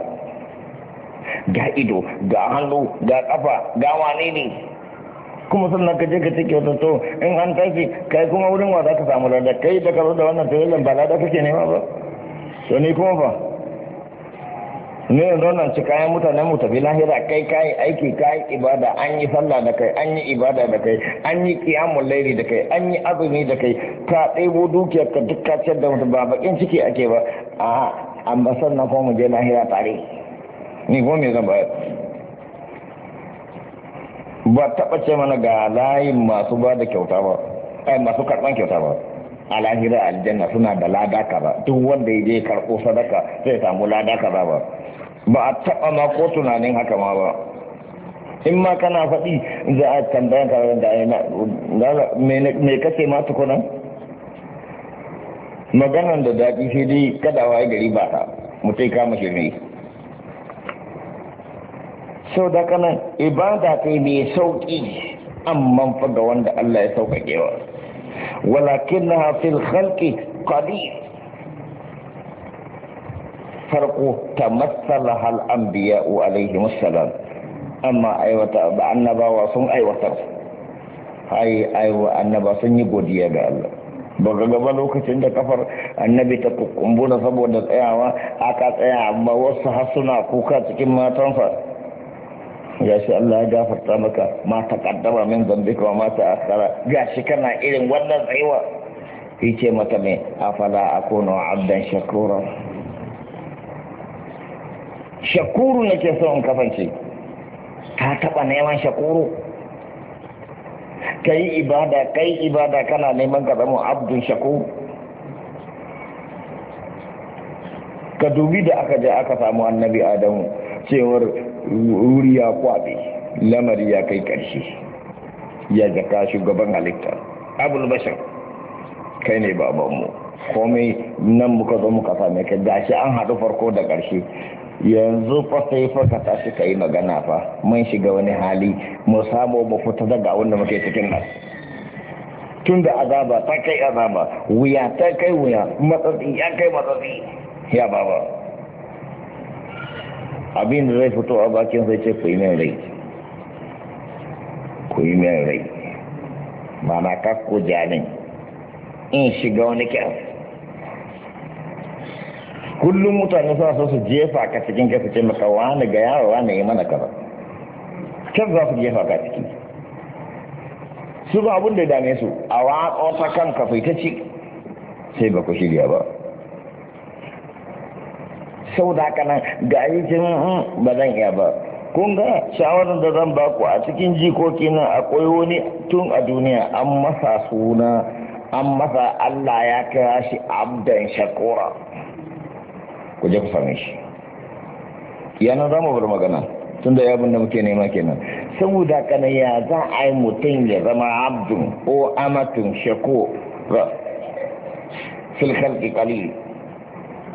ga ido ga hannu ga kafa ga wane ne kuma sannan ka je ka cike wata to in an tashi kai kuma wurin wa za ka samu lada kai da karo da wannan da ba lada kake nema ba to ni kuma fa ne yanzu wannan ci kayan mutane mu tafi lahira kai kayi aiki kayi ibada an yi sallah da kai an yi ibada da kai an yi kiyamun laili da kai an yi azumi da kai ka ɗebo dukiyar ka duk ka ciyar da mutum ba bakin ciki ake ba a amma sannan kuma mu je lahira tare ni kuma me zan bayar ba taba ce mana ga layin masu ba da kyauta ba ai masu karɓan kyauta ba a lahira aljanna suna da lada kaza duk wanda ya je karɓo sadaka zai samu lada kaza ba ba a taɓa ma ko tunanin haka ma ba in ma kana faɗi za a tambaya ka da me kace ma tukunan maganan da daɗi sai dai kada waye gari ba ta mutai kama shirme sau da kana ibada ta mai sauki amma fa ga wanda Allah ya sauƙaƙe wa walakin fil khalqi qadir farko tamassala hal anbiya alayhi wassalam amma aiwata ba annabawa sun aiwatar ai aiwa annaba sun yi godiya ga Allah ba ga gaba lokacin da kafar annabi ta kumbura saboda tsayawa aka tsaya amma wasu har suna kuka cikin matansa ya shi Allah ya gafarta maka ma ta kaddama min zambika wa ma ta akhara ga shi kana irin wannan tsayuwa yace mata me afala akunu abdan shakura shakuru nake so in kafance ta taba neman shakuru kai ibada kai ibada kana neman ka zama abdun shakuru ka dubi da aka je aka samu annabi adamu cewar wuri ya kwabe lamari ya kai ƙarshe ya zaka shugaban halitta abul bashar kai ne babanmu komai nan muka zo muka same ka gashi an haɗu farko da ƙarshe yanzu fa sai fa ka tashi ka yi magana fa mun shiga wani hali mu samu mu fita daga wanda muke cikin nan tun da azaba ta kai azaba wuya ta kai wuya matsatsi ya kai matsatsi ya baba abin da zai fito a bakin sai ce ku yi min rai ku yi min rai mana kakko jamin in shiga wani kyau kullum mutane suna so su jefa ka cikin ka ce maka wani ga yawa wani yi mana kaza can za su jefa ka ciki su ba abin da dame su a waƙo ta kanka fitaci sai ba ku shirya ba sau da haka nan ga yi cin hmm, ba zan iya ba kun ga shawarar da zan baku a cikin jikoki nan akwai wani tun a duniya an masa suna an masa Allah ya kira shi abdan shakura ku je ku same shi yana za mu bar magana tun da yabin da muke nema kenan saboda kana ya za a yi mutum ya zama abdun ko amatun shako filkar kalili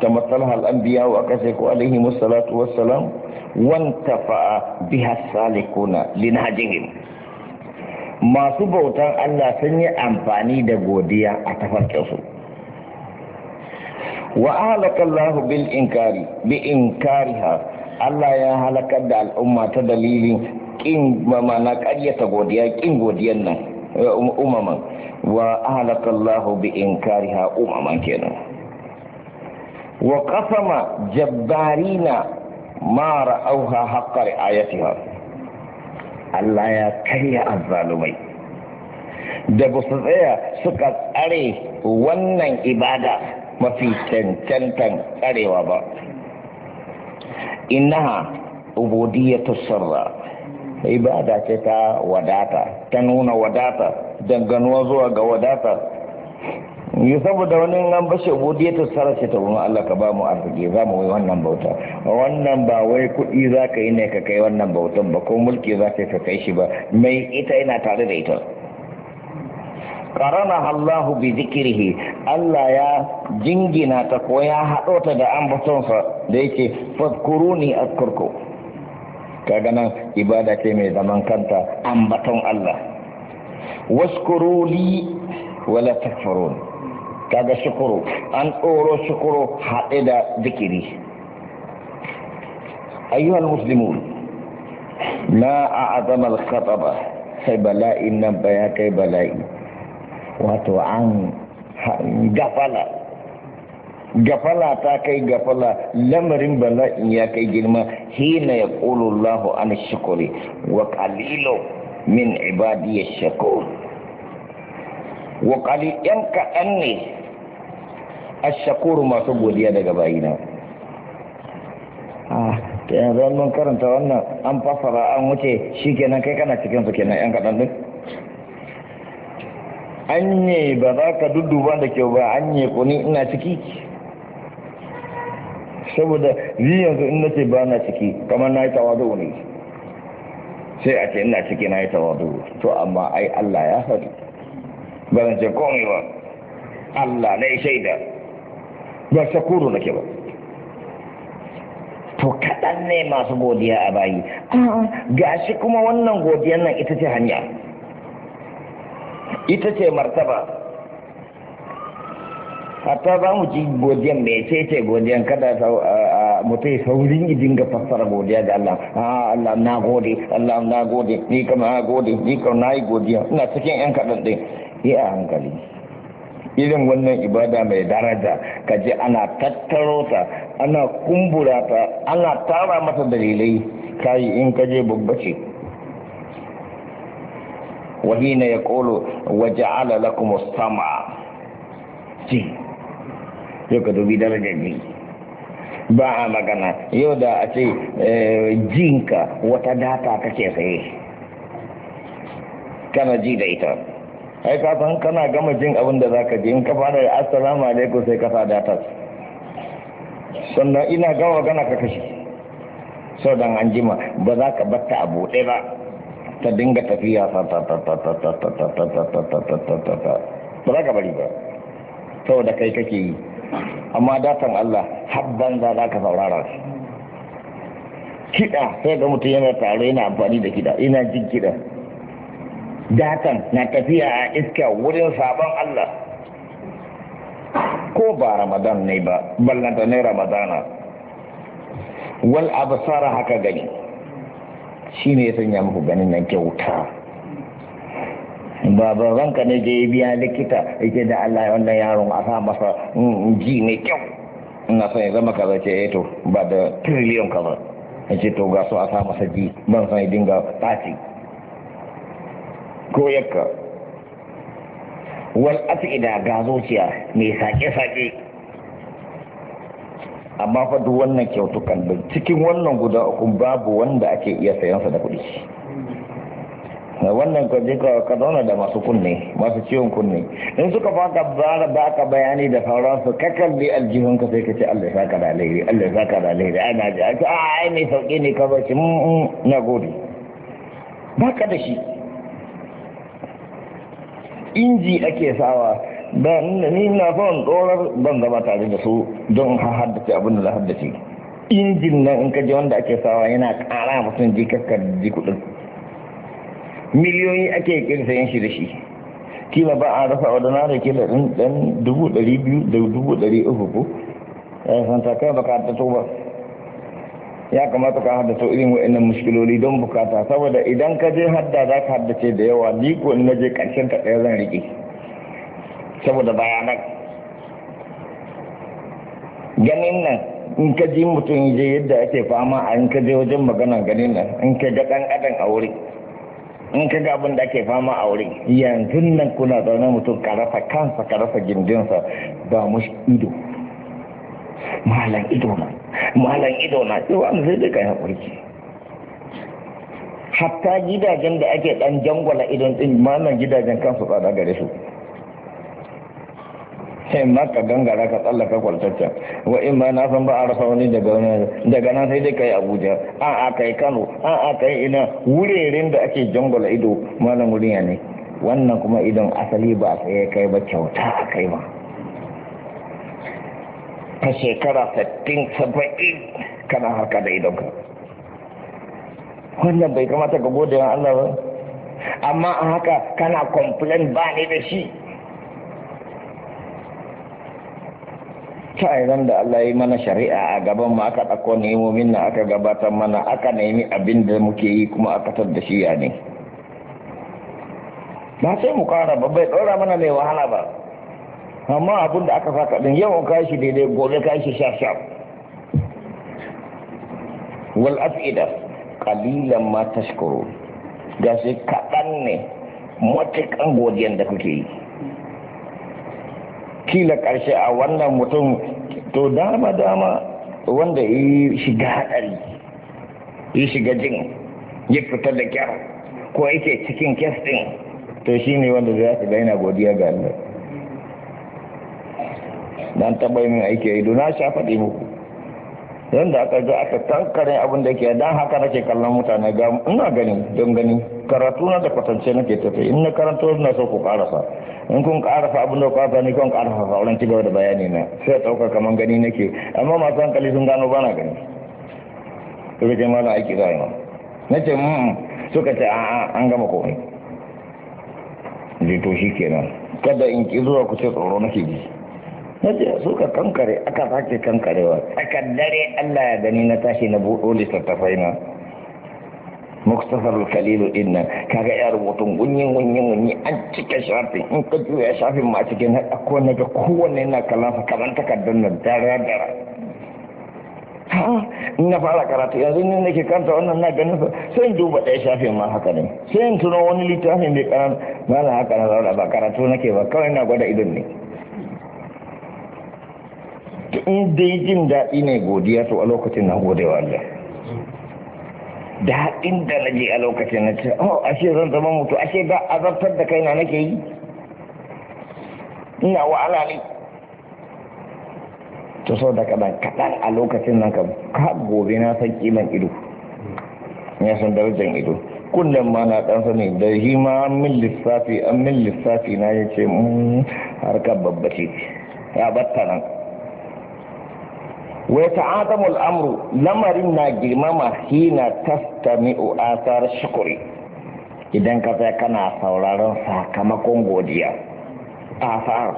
كما طلها الأنبياء وأكثر عليهم الصلاة والسلام وانتفع بها السالكون لنهجهم ما سبوتا ألا سنية أمباني دبودية أتفكسوا وأهلك الله بالإنكار بإنكارها الله يا هلك الأمة تدليل كين ممانا كأية تبوديا كين بوديانا أمما وأهلك الله بإنكارها أمما كينو wa kasama mara ma ra'auha haqqa ri'ayatiha Allah ya karya azzalumai da ba su tsaya suka tsare wannan ibada mafi cancantan tsarewa ba innaha ubudiyatu sirra ibada ce ta wadata ta nuna wadata danganuwa zuwa ga wadata yi saboda wani an shi ya ta tsara ce ta wani Allah ka ba mu arziki za mu yi wannan bauta wannan ba wai kuɗi za ka yi ne ka kai wannan bautan ba ko mulki za ka kai shi ba mai ita yana tare da ita karana Allahu bi zikrihi Allah ya jingina ta ko ya haɗo ta da ambatonsa da yake fakuruni azkurku kaga nan ibada ce mai zaman kanta ambaton Allah waskuruli wala takfurun kaga shukuru an tsoro shukuru haɗe da zikiri ayyuhal muslimun na a azamar khataba sai bala'i nan ba ya kai bala'i wato an gafala gafala ta kai gafala lamarin bala'in ya kai girma hina ya ƙulullahu an shukuri wa ƙalilo min ibadiyar shakur wa ƙali ‘yan kaɗan ne ashakuru masu godiya daga bayina ah, ta yanzu mun karanta wannan an fassara an wuce shi kenan kai kana cikin su kenan yan kaɗan din an ne ba za ka dudduba da kyau ba an ne kuni ina ciki saboda ni yanzu in ce ba na ciki kamar na yi tawadu ne sai a ce ina ciki na yi tawadu to amma ai Allah ya hari ba zan ce komai ba Allah na yi shaida ya shakuru ke ba to kaɗan ne masu godiya a bayi gashi kuma wannan godiyan nan ita ce hanya ita ce martaba hatta za mu ci godiyan mai ce ce godiyan kada mutai saurin idin ga fassara godiya ga Allah Allah na gode Allah na gode ni kama gode ni kama na yi godiya ina cikin yan kaɗan ɗin yi a hankali irin wannan ibada mai daraja ka je ana tattaro ta ana kumbura ta ana tara mata dalilai kayi in ka je babba Wani wahina ya kolo waje alala kuma sama ji yau ka dubi darajar ji ba a magana yau da a ce eh, jinka wata data kake saye kana ji da ita ai ka san kana gama jin abin da zaka ji in ka fara da assalamu alaikum sai ka sa data sannan ina gawa gana ka kashi sau dan an jima ba za ka batta a buɗe ba ta dinga tafiya ta ta ta ta ta ta ta ta ta ta ta ta ta ta ta ta ba za ka bari ba Sau da kai kake yi amma datan Allah habban za za ka saurara su kiɗa sai ga mutum yana tare yana amfani da kiɗa ina jin kiɗa datan na tafiya a iska wurin sabon Allah ko ba ramadan ne ba ballanta ne ramadana wal absara haka gani shine ya muku ganin nan kyauta ba ranka ne je biya likita yake da Allah wannan yaron a sa masa mm, mm, ji mai kyau ina sai ya zama kaza ce eh to ba da triliyon kaza ce to ga so a sa masa ji ban san dinga tafi ko yakka wal afida ga zuciya mai sake-sake amma fa duk wannan kyautukan da cikin wannan guda uku babu wanda ake iya sayansa da kuɗi na wannan kwaje ka zauna da masu kunne masu ciwon kunne in suka faka bara ka bayani da sauransu ka kalli aljihun ka sai ka ce Allah ya saka da alheri Allah ya saka da alheri na ji a ai mai sauki ne ka bashi mm, mm, na gode baka da shi inji ake sawa da ni na son tsorar ban zama tare da su don haddace abin da haddace injin nan in ka je wanda ake sawa yana kara mutum ji kaskar ji kuɗin miliyoyi ake kirsayen shi da shi kila ba a rasa wadana da kila ɗin ɗan dubu ɗari biyu da dubu ɗari uku ko ya eh, santa kai baka ta tuba ba ya kamata ka haddasa irin wa'annan muskiloli don bukata saboda idan ka je hadda za ka haddace da yawa ni na je karshen ka ɗaya zan riƙe saboda bayanan ganin nan in ka ji mutum je yadda ake fama a in ka je wajen magana ganin nan in ka ga ɗan adam a wuri in ka ga abin da ake fama a wuri yanzu nan kuna zaune mutum ka rasa kansa ka rasa gindinsa ba mushi ido malan ido na malan ido na yawa an sai dai kai hakuri hatta gidajen da ake dan jangwala idon din malan gidajen kansu tsada gare su sai ma ka gangara ka tsallaka kwaltacca wa in ma na san ba a rasa wani daga daga nan sai dai kai abuja a a kai kano a a kai ina wurerin da ake jangwala ido malam wurin ya ne wannan kuma idon asali ba sai kai ba kyauta a kai ba ta shekara 60 70 kana haka da idonka wannan bai kamata ka gode wa Allah ba amma a haka kana complain ba ne da shi ta ran da Allah yi mana shari'a a gaban mu aka ɗauko nemomin na aka gabatar mana aka nemi abin da muke yi kuma aka tar da shi ya ne ba sai mu kara ba ɗora mana mai wahala ba amma abin da aka saka din yawan kashi daidai gobe kashi shi sha sha wal afida qalilan ma tashkuru shi kaɗan ne matuƙan godiyan da kuke yi kila ƙarshe a wannan mutum to dama dama wanda ya shiga haɗari ya shiga jin ya fita da kyar ko yake cikin kyas ɗin to shi ne wanda za su daina godiya ga Allah dan taba min aiki a ido na sha faɗi muku yadda aka ga aka kankare abin da ke dan haka nake kallon mutane ga ina gani don gani karatu na da kwatance nake tafi in na karanto na so ku karasa in kun karasa abin da kwata karasa ni kun karasa sauran ci gaba da bayani na sai ɗauka kamar gani nake amma masu hankali sun gano bana gani to kake malam aiki za aiki yi ma na ce suka ce a'a an gama komai zai to shi kenan kada in ki zuwa ku ce tsoro nake ji na ce suka kankare aka sake kankarewa tsakar dare Allah ya gani na tashi na buɗo littattafai na muktasar kalilu inna kaga ya rubutun gunyin gunyin gunyi an cike shafin in ka juya shafin ma cikin na ɗauko na ga kowanne na kallon sa kamar takardar nan dara dara in na fara karatu yanzu ne nake karanta wannan na ganin sa sai in duba ɗaya shafin ma haka ne sai in tuno wani littafin bai karanta na haka na zaura ba karatu nake ba kawai na gwada idon ne in dai jin daɗi ne godiya to a lokacin na gode wa Allah daɗin da na je a lokacin na ce oh ashe zan zama mutu ashe da azabtar da kaina nake yi ina wa'ala ne to sau da kaɗan kaɗan a lokacin nan ka gobe na san kiman ido ya san darajar ido kullum ma na ɗan sani da shi ma an min lissafi an min lissafi na ya ce mm, harkar babbace ya batta nan wai ta'adamu Amru lamarin na girmama hina tastami'u asar shukuri idan ka tsaya kana sauraron sakamakon godiya asar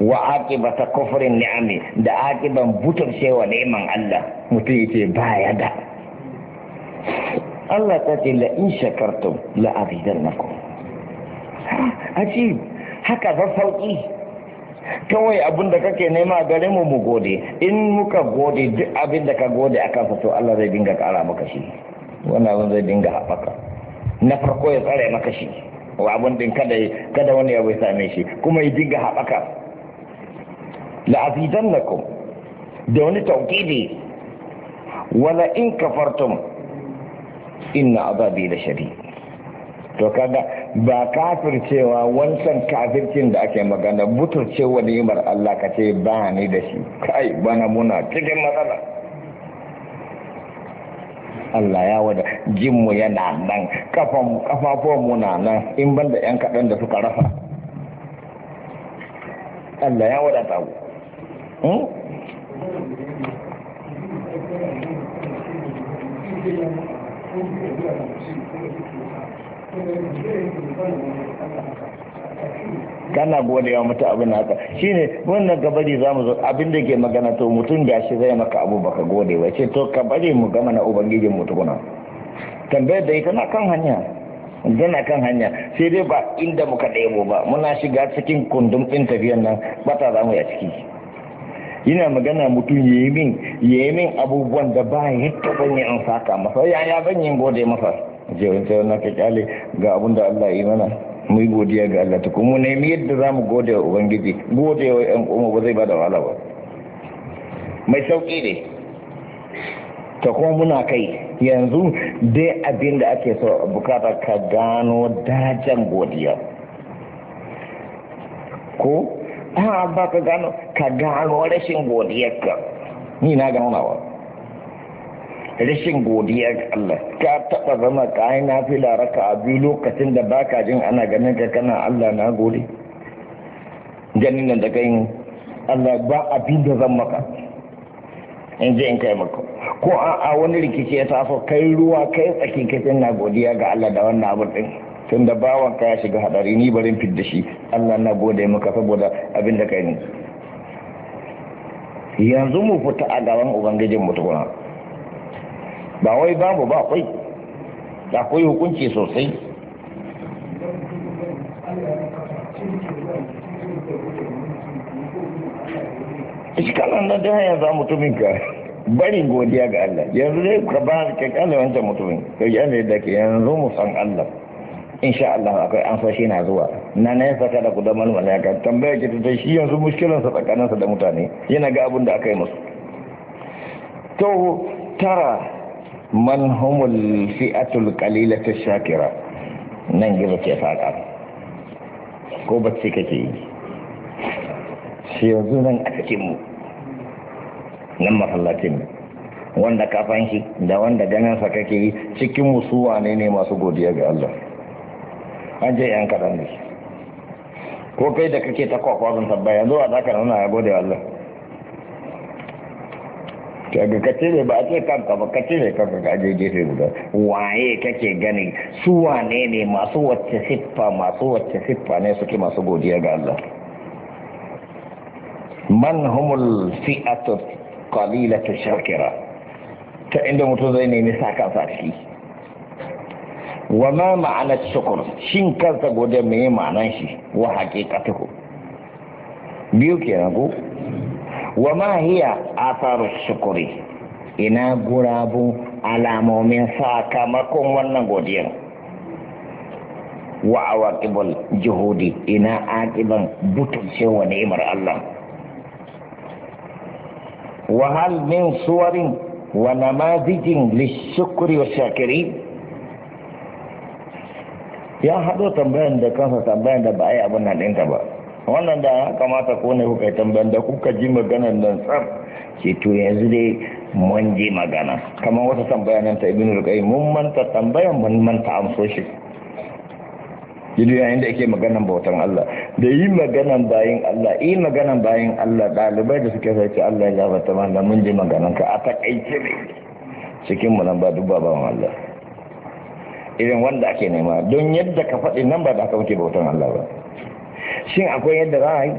wa aqibata kufrin ni'ami da aqiban butar shewa neman Allah mutum yake baya da Allah ta ce la in shakartum la azidannakum ajib haka ba sauki kawai abin da kake nema gare mu mu gode in muka gode duk abin da ka gode a kansa to Allah zai dinga kara maka shi wannan abin zai dinga haɓaka na farko ya tsare maka shi wa abin din kada kada wani ya bai same shi kuma ya dinga haɓaka lakum da wani tauƙidi wala in kafartum inna azabi la shadid to kaga ba kafircewa wancan kafircin da ake magana buturcewa ni'imar Allah ka ce ba ni da shi kai bana muna cikin matsala Allah ya wada jinmu yana nan kafafuwan na nan in ban da 'yan kaɗan da suka rafa Allah ya wada ta Thank you. kana gode wa mutu abin haka shine wannan ka bari zamu zo abin da ke magana to mutum gashi zai maka abu baka gode ba ce to ka bari mu gama na ubangijin mu tukuna tambayar da tana kan hanya tana kan hanya sai dai ba inda muka ɗebo ba muna shiga cikin kundin ɗin tafiyan nan bata za mu ya ciki yana magana mutum ya yi min ya abubuwan da ba ya ban yi an saka masa yaya ban yin gode masa jawanta wannan ka kyale ga abin da Allah yi mana mu yi godiya ga Allah ta kuma nemi yadda za mu gode wa Ubangiji gode wa ‘yan kuma ba zai ba da wahala ba mai sauƙi ne ta kuma muna kai yanzu dai abin da ake so bukata ka gano dajan godiya ko ba ka gano ka gano rashin ka ni na gano nawa rashin godiya ga Allah ka taɓa zama ka yi na fila raka a biyu lokacin da baka jin ana ganin ka kana Allah na gode ganin nan da kai Allah ba abin da zan maka in je in kai maka ko a wani rikici ya taso kai ruwa kai tsaki kai na godiya ga Allah da wannan abin din tun da bawan ka ya shiga hadari ni barin fidda shi Allah na gode maka saboda abin da kai ne yanzu mu fita a gaban ubangijin mutuwa. ba wai babu ba da kwai hukunci sosai iskalan na da hanyar za mutumin ka barin godiya ga Allah yanzu zai ka ba ka kyale wancan mutumin ka ne da ke yanzu mu san Allah sha Allah akwai an shi na zuwa na na yasa kada ku da malmala ka tambaya ki ta shi yanzu tsakanin sa da mutane yana ga abin da aka yi musu to tara man humul fi'atul qalilata shakira nan gizo ke faɗa ko bacci kake yi shi yanzu nan a cikin mu nan masallacin wanda kafan shi da wanda ganin sa kake yi cikin mu su wane ne masu godiya ga Allah an je yan kaɗan ne ko kai da kake ta kwakwarin tabbaya zuwa za ka nuna ya gode Allah kaga ka cire ba a ce kanka ba ka cire kanka ka je gefe guda waye kake gani su wane ne masu wacce siffa masu wacce siffa ne suke masu godiya ga Allah man humul fi'atu qalilatu shakira ta inda mutum zai nemi sa kansa shi wa ma ma'anar shukur shin kansa godiya me ma'anan shi wa haqiqatuhu biyu kenan ko wa ma hiya atharu shukuri ina gurabu alamomin sakamakon wannan godiyar wa awaqibul juhudi ina aqiban wa ni'mar Allah wa hal min suwarin wa namazijin lishukri wa shakiri ya haɗo tambayan da kansa tambayan da ba a yi abin nan ta ba wannan da ya kamata ko ne kuka tambayan da kuka ji maganar nan tsar ce to yanzu dai mun ji magana kamar wata tambaya nan ta ibnu rukai mun manta tambayan mun manta amso shi yadda yayin da ake maganan bautan Allah da yi maganan bayin Allah yi maganan bayin Allah dalibai da suke sai ce Allah ya gafarta mana mun ji maganan ka a takaice ne cikin mu nan ba dubba ba Allah irin wanda ake nema don yadda ka faɗi nan ba da aka wuce bautan Allah ba shin akwai yadda za a yi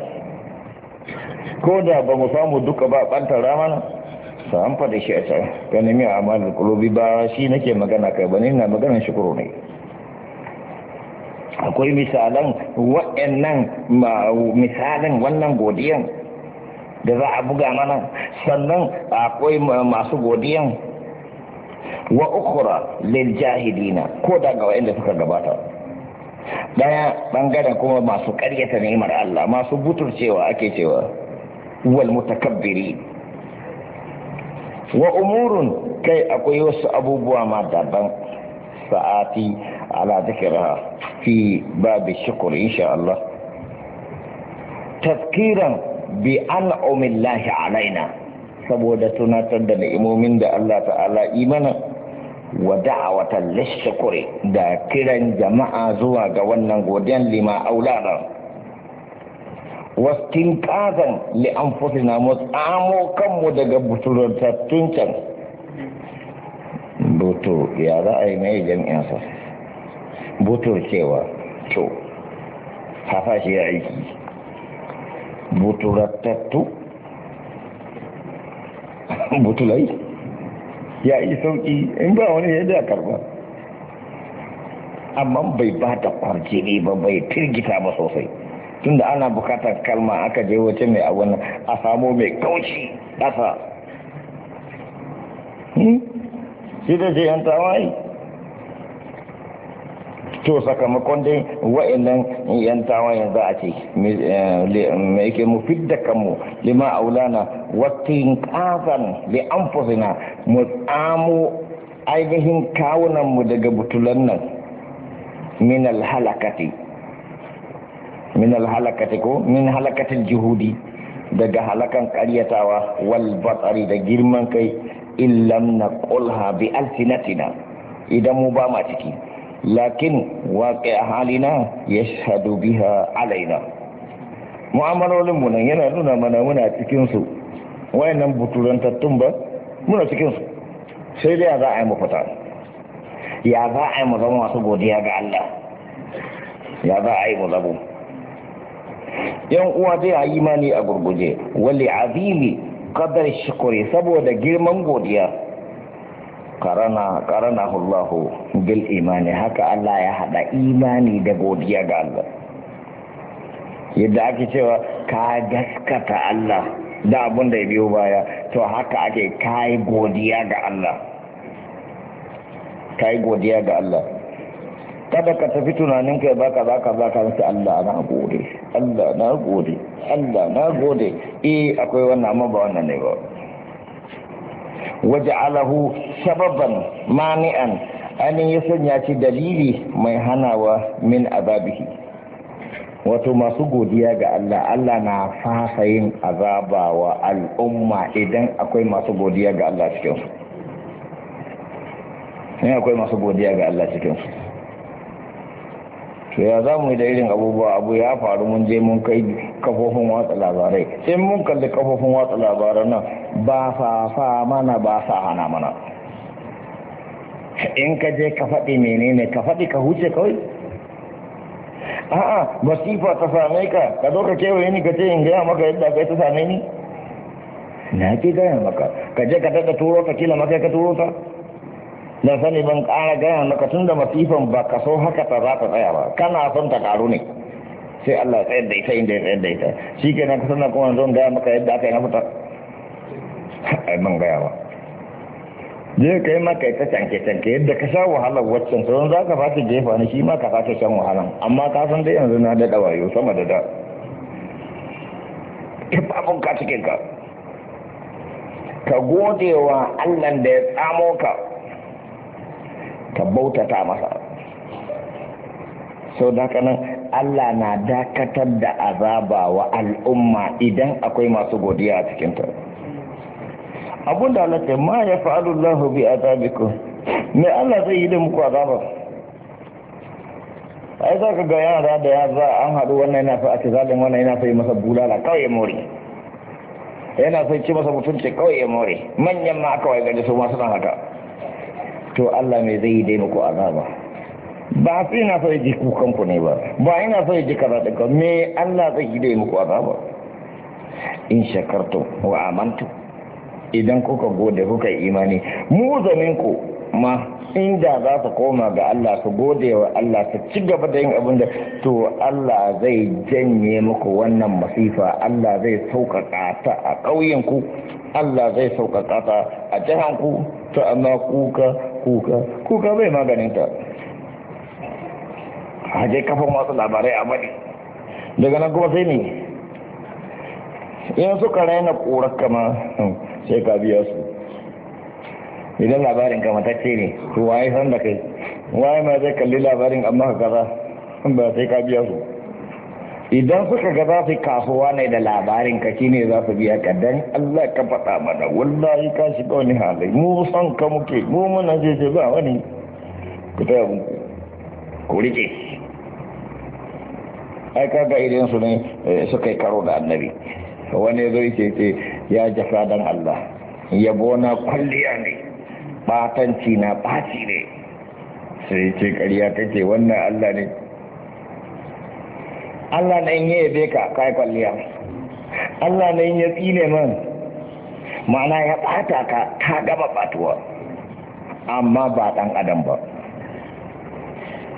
ko da ba mu samu duka ba ɓantar ramana sa an shi a can ka mai a amalar kulobi ba shi nake magana kai ba ne na maganar shukuru ne akwai misalan wa'annan misalin wannan godiyan da za a buga mana sannan akwai masu godiyan wa ukura lil jahidina ko da ga wa'anda suka gabata daya bangaren kuma masu karyata ni'imar Allah masu buturcewa ake cewa wal mutakabbiri wa umurun kai akwai wasu abubuwa ma daban sa'ati ala zikira fi babu shukur insha Allah tafkiran bi an umillahi alaina saboda tunatar da ni'imomin da Allah ta'ala imana wa da'awatan lishukuri da kiran jama'a zuwa ga wannan godiyan lima aulada wastin kazan li anfusina mu tsamo kanmu daga buturantattun can buto ya za a yi mai jami'a sa buto cewa to hafa shi ya aiki buturantattu butulai ya yi sauki in ba wani ya da karba amma bai ba ta kwarce ne ba bai firgita ba sosai tunda ana bukatar kalma aka je wace mai a wannan a samo mai kauci ƙasa hmm? shi da ce yan tawaye to sakamakon dai wa'annan yan tawayen za a ce me eh, ke mu fidda kanmu lima aulana wattin kazan li anfusina mu tsamo ainihin kawunanmu daga butulan nan min alhalakati min ko min halakatin jihudi daga halakan karyatawa wal batsari da girman kai illam na ƙulha bi alsinatina idan mu ba ma ciki lakin waƙi halina ya shahadu biha alaina mu'amalolin mu nan yana nuna mana muna cikinsu wayannan buturantattun ba muna cikinsu sai dai za a yi mu ya za a yi mu zama masu godiya ga Allah ya za a yi mu zabo yan uwa dai a imani a gurguje wali azimi kadar shukuri saboda girman godiya karana karana Allah bil imani haka Allah ya hada imani da godiya ga Allah yadda ake cewa ka gaskata Allah da abun da ya biyo baya to haka ake kai godiya ga Allah kai godiya ga Allah kada ka tafi tunanin kai baka baka baka masa Allah na gode Allah na gode Allah na gode eh akwai wannan amma ba wannan ne ba waja'alahu sababan mani'an anin ya sanya shi dalili mai hanawa min azabihi wato masu godiya ga Allah Allah na fasa yin azaba wa al'umma idan akwai masu godiya ga Allah cikin su akwai masu godiya ga Allah cikin su to ya za mu yi da irin abubuwa abu ya faru mun je mun kai kafofin watsa labarai sai mun kalli kafofin watsa labarai nan ba sa fa mana ba sa hana mana in ka je ka faɗi menene ka faɗi ka huce kawai a'a masifa ta same ka ka zo ka kewaye ni ka ce in gaya maka yadda kai ta same ni na ke gaya maka ka je ka daɗa turo ka kila maka ka turo ta na sani ban kara gaya maka tun da masifan ba ka so haka ta za ta tsaya ba kana son ta karu ne sai Allah tsayar da ita inda ya tsayar da ita shi ke nan kasar na kuma zon gaya maka yadda aka yi na fitar ai ban gaya ba je ka yi maka ita canke canke yadda ka sha wahalar waccan sauran za ka fata jefa ni shi ma ka fata shan wahala amma ka san dai yanzu na daɗa wayo sama da da ka ka cikin ka ka gode wa Allah da ya tsamo ka ka bautata masa sau da kanan Allah na dakatar da azaba wa al'umma idan akwai masu godiya a cikinta abun da Allah ce ma ya fa’adu Allahu bi azabiku me Allah zai yi da muku azaba ai za ka ga yana da ya za an haɗu wannan yana fi ake ce zalin wannan yana fi masa bulala kawai ya more yana fi ci masa mutunci kawai ya more manyan ma kawai gaji su ma suna haka to Allah mai zai dai muku azaba ba sai na so ji kukan ku ne ba ba ina so ji kaza daga me Allah zai yi dai muku azaba in shakartum wa amantu idan kuka gode kuka imani mu zamin ku ma inda za su koma ga Allah su gode wa Allah su ci gaba da yin abin da to Allah zai janye muku wannan masifa Allah zai sauƙaƙa ta a ƙauyenku Allah zai sauƙaƙa ta a ku to amma kuka kuka kuka bai maganin ta haje kafin wasu labarai a bari daga nan kuma sai ne in suka raina ƙorar kama hmm, sai ka biya su idan labarin kamatacce ne to waye san da kai waye ma zai kalli labarin amma ka kaza ba sai ka biya su idan suka ga za su kasuwa ne da labarin ka shine za su biya ka dan Allah ka faɗa mana wallahi ka shiga wani halai mu san ka muke mu muna je je ba wani ku ta yabu ku rike ai ka ga idan su ne eh, suka yi karo da annabi wani zai ce ce ya jafa dan Allah yabo na kwalliya ne batanci na baci ne sai ce ƙarya kake wannan Allah ne Allah ne ya yabe ka kai kwalliya Allah ne ya tsine man ma'ana ya bata ka ka gaba batuwa amma ba dan adam ba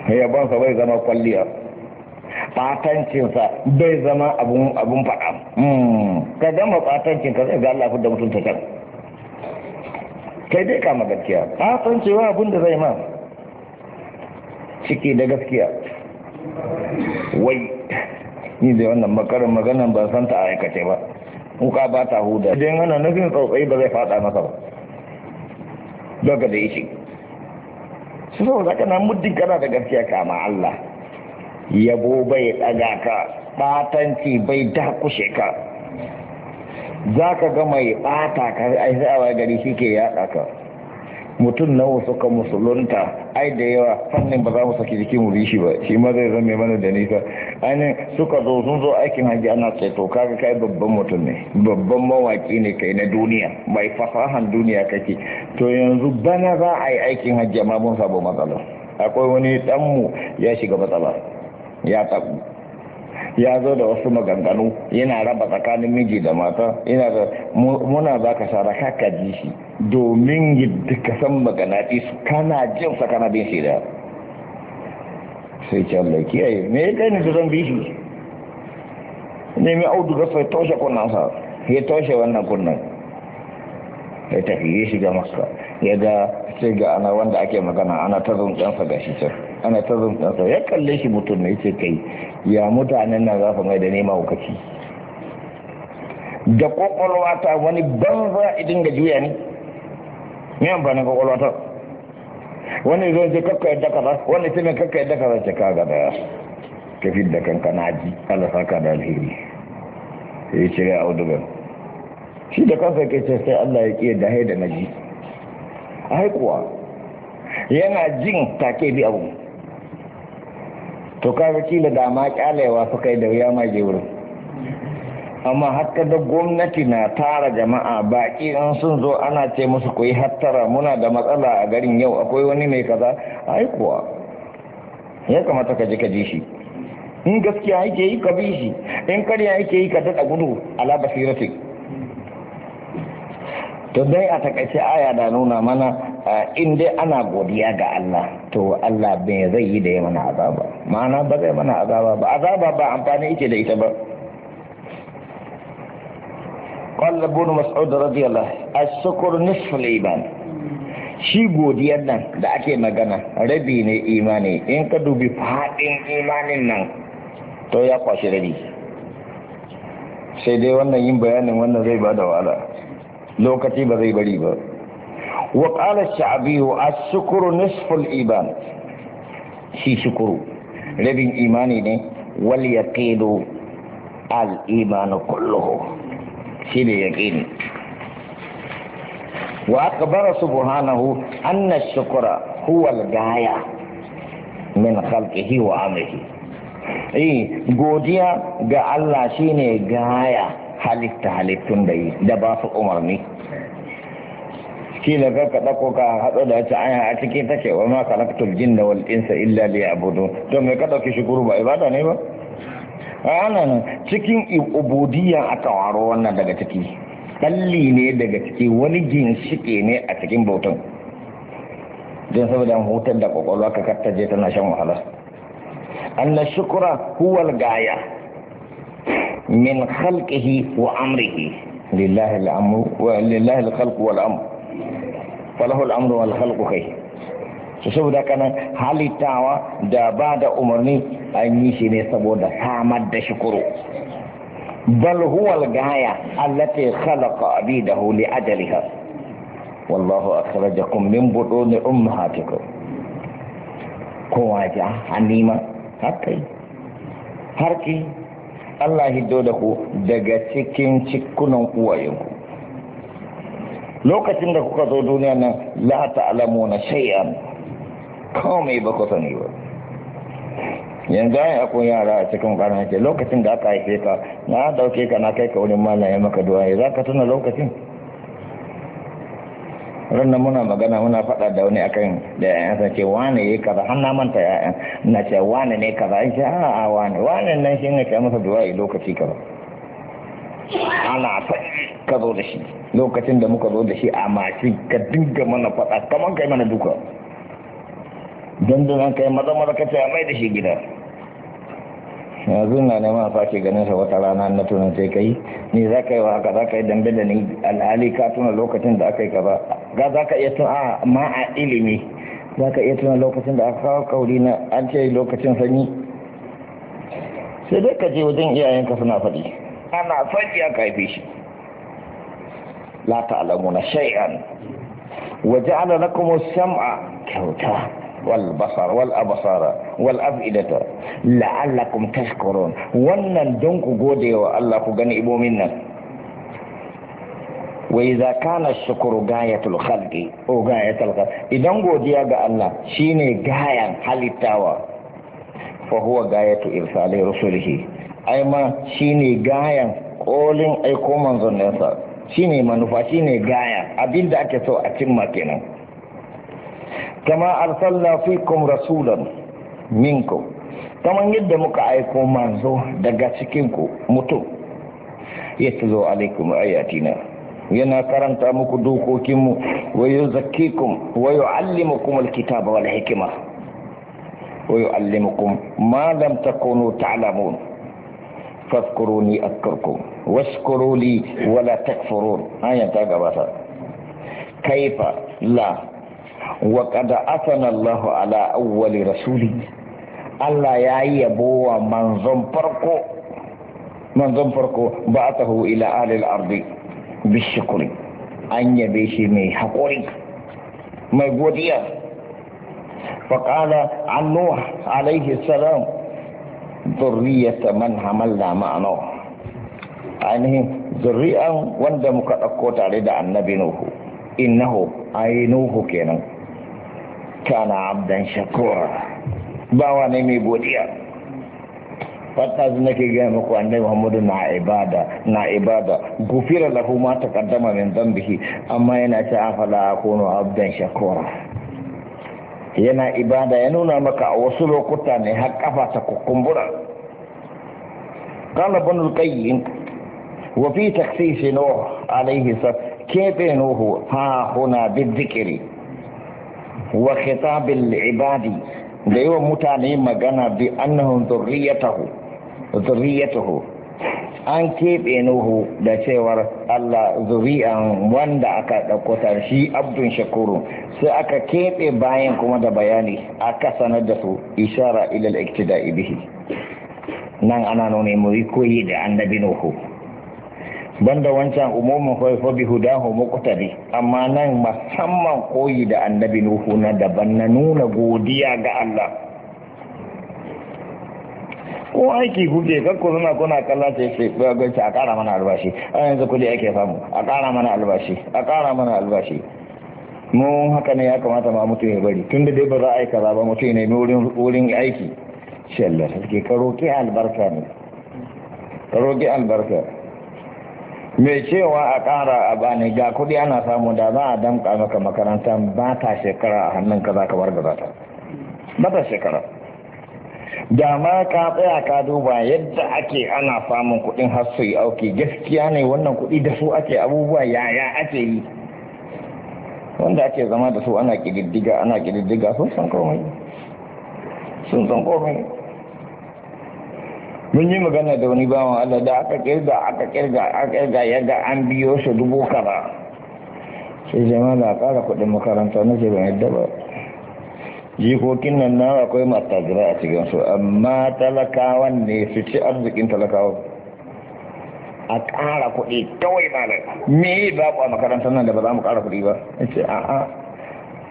yabonsa bai zama kwalliya batancinsa bai zama abun abun faɗa hmm, ka gama batancinka zai ga Allah da mutunta can kai dai kama gaskiya ka san cewa abin da zai ma ciki da gaskiya wai ni da wannan makarin maganan ban san ta aikace ba kuka ba ta huda idan ana nufin tsautsayi ba zai fada masa ba daga da yake su sau zaka na muddin kana da gaskiya kama Allah yabo bai tsaga ka batanci bai dakushe ka za ka ga mai ɓata ka ai a gari shi ke yaɗa ka mutum wasu ka musulunta ai da yawa fannin ba za mu saki jiki mu bi shi ba shi ma zai zama mana da nisa ainihin suka zo sun zo aikin haji ana tseto kaga kai babban mutum ne babban mawaki ne kai na duniya mai fasahan duniya kake to yanzu bana za a yi aikin haji amma mun samu matsala akwai wani danmu ya shiga matsala ya tabu ya zo da wasu maganganu yana raba tsakanin miji da mata yana da muna za ka shara kaka ji shi domin yadda ka san magana su kana jin sakana bin shi da sai ce Allah kiyaye me ya kai ne su san bi shi audu auduga sai toshe kunnan sa ya toshe wannan kunnan ya tafi ya shiga masa ya ga sai ga ana wanda ake magana ana ta zunƙensa ga shi can ana ta zuntansa ya kalle shi mutum ne ce kai ya mutanen nan za su mai da nema hukaci da kwakwalwa ta wani banza idin ga juya ne an amfanin kwakwalwa ta wani zo ce kakka yadda ka kaza wani ce mai kakka yadda ka kaza ce k'a kaga Ka tafi da kanka na ji Allah saka da alheri sai ce ya ba shi da kansa ke ce sai Allah ya kiyar da haida na ji ai kuwa yana jin take bi abu to kaga kila da ma kyalewa suka yi da wuya ma je wurin amma hatta da gwamnati na tara jama'a baki in sun zo ana ce musu ku yi hattara muna da matsala a garin yau akwai wani mai kaza ai kuwa ya kamata ka je ka ji shi in gaskiya yake yi ka bi shi in karya yake yi ka daɗa gudu ala basiratik to dai a takaice aya da nuna mana in dai ana godiya ga Allah to Allah bai zai yi da ya mana azaba ma'ana ba zai mana azaba ba azaba ba amfani yake da ita ba قال ابن مسعود iman shi godiyar nan da ake magana rabi ne imani in ka dubi faɗin imanin nan to ya kwashi rabi sai dai wannan yin bayanin wannan zai ba da wahala لوکتی بغی بڑی با وقال الشعبی و الشکر نصف الایمان شی شکرو لبین ایمانی نے والیقین الایمان کلو شی بے یقین واقبر سبحانه ان الشکر هو الغایا من خلقه وعمره اي گوديا گا الله شيني گايا halitta halittun da yi da ba su umarni kila ga ka ɗauko ka hado da wata aya a cikin take wa ma kalaktul jinna wal insa illa yabudu to me ka ɗauki shi guru ba ibada ne ba nan cikin ubudiyya a tawaro wannan daga ciki kalli ne daga ciki wani ginshike ne a cikin bautan don saboda hutar da kwakwalwa ka kattaje tana shan wahala an na shukura huwal gaya من خلقه وأمره لله الأمر ولله الخلق والأمر فله الأمر والخلق خير سسبو كان حالي تاوى دا بعد أمرني أي نيسي نيسابو دا حامد بل هو الغاية التي خلق عبيده لأجلها والله أخرجكم من بطون أمهاتكم كواجا حنيمة حتى هركي Allah hiddo da ku daga cikin cikunan uwayenku lokacin da kuka zo duniya nan la ta'lamu na shay'an kome ba ku sani ba yanzu ai akwai yara a cikin kwanan lokacin da aka haife ka na dauke ka na kai ka wurin malaye maka duwaye za ka tuna lokacin ranar muna magana muna faɗa da wani akan da ƴaƴansa ce wane ya kaza har na manta ƴaƴan na ce wane ne kaza ya, ce a a wane wane nan shi ne kai masa duwa'i lokaci kaza ana ta ka zo da shi lokacin da muka zo da shi a mashi ka dinga mana faɗa kamar kai mana duka don don kai maza maza ka ce a mai da shi gida yanzu na neman a sake ganin sa wata rana na tuna sai kai ni za ka yi wa haka za ka yi dambe da ni alhali ka tuna lokacin da aka yi kaza ga za ka iya tuna ma a ilimi za ka iya tuna lokacin da aka kawo kauri na an ce lokacin sanyi sai dai ka je wajen iyayenka suna faɗi ana faɗi a haife shi la ta'lamuna shay'an wa ja'ala lakum as-sam'a kyauta والبصر والأبصار والأفئدة لعلكم تشكرون wannan don ku gode wa Allah ku gani ibomin nan wa idza kana shukru gayatul khalqi o gayatul idan godiya ga Allah shine gayan halittawa fa huwa gayatu irsali rusulihi ai ma shine gayan kolin aiko manzon nasa shine manufa shine gaya abinda ake so a cimma kenan kama arsalna fikum rasulan minkum kamar yadda muka aiko manzo daga cikin ku mutum yatlu alaikum ayatina yana karanta muku dokokinmu wa yuzakkikum wa hikima alkitaba wal hikma wa yuallimukum ma lam takunu ta'lamun fadhkuruni a washkuru li wa wala takfurun hanyar ta gabata kaifa la وقد أثنى الله على أول رسوله الله يا يبوى منظم فرقه منظم فرقو بعثه إلى أهل الأرض بالشكر أن يبيشي مي حقوري ما يقوديا فقال عن نوح عليه السلام ذرية من حملنا مع نوح يعني ذرية وندم muka على النبي نوح innahu ainuhu kenan kana abdan shakura bawa wani mai godiya fata su nake gaya muku annabi muhammadu na ibada na ibada gufira lahu ma kaddama min zambihi amma yana ta afala kunu abdan shakura yana ibada ya nuna maka a wasu lokuta ne har kafa ta kukumbura qala banul kayyin qayyim wa fi takhsis nuh keɓe nuhu ha huna bizzikiri wa khitabil ibadi da yi mutane magana bi an keɓe nuhu da cewar Allah zuri'an wanda aka ɗauko shi abdun shakuru sai aka keɓe bayan kuma da bayani aka sanar da su ishara ilal da bihi nan ana nuna mu koyi da annabi nuhu banda wancan umumin fa bi hudahu muqtadi amma nan musamman koyi da annabi nuhu na daban na nuna godiya ga Allah ko aiki kuke kakko suna kuna kalla ta yi gwagwarci a kara mana albashi a yanzu kudi ake samu a kara mana albashi a kara mana albashi mu haka ne ya kamata ma mutum ya bari tunda dai ba za a yi kaza ba mutum ne wurin aiki shi Allah ka roƙi albarka ne ka roƙi albarka mai cewa a ƙara a bani ga kuɗi ana samu da za a damƙa maka makaranta ba ta shekara a hannun ka za ka warga za ta ba ta shekara da ma ka tsaya ka duba yadda ake ana samun kuɗin har su yi auki gaskiya ne wannan kuɗi da su ake abubuwa yaya ake yi wanda ake zama da su ana ƙididdiga ana ƙididdiga sun san komai sun san komai mun yi magana da wani bawan Allah da aka kirga aka kirga aka kirga ya ga an biyo su dubu kara sai jama'a da kara kudin makaranta na ce yadda ba jikokin nan na akwai zira a cikin su amma talakawan ne su ci arzikin talakawa a ƙara kudi kawai malam me ba ku a makarantar nan da ba za mu ƙara kuɗi ba ce a'a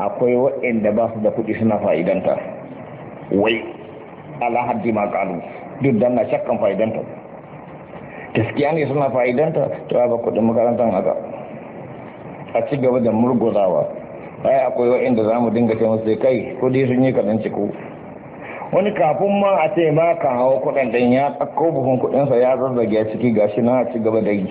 akwai waɗanda ba su da kuɗi suna fa'idanta wai alahaddi ma ƙalu duk da na shakkan fa'idanta gaskiya ne suna fa'idanta to ba kuɗin makarantar haka a ci gaba da murguzawa ai akwai wa'inda za mu dinga ce musu kai kudi sun yi kaɗan ciko wani kafin ma a ce ma ka hawa kuɗin ɗin ya ɗauko buhun kuɗinsa ya zazzage a ciki gashi na ci gaba da yi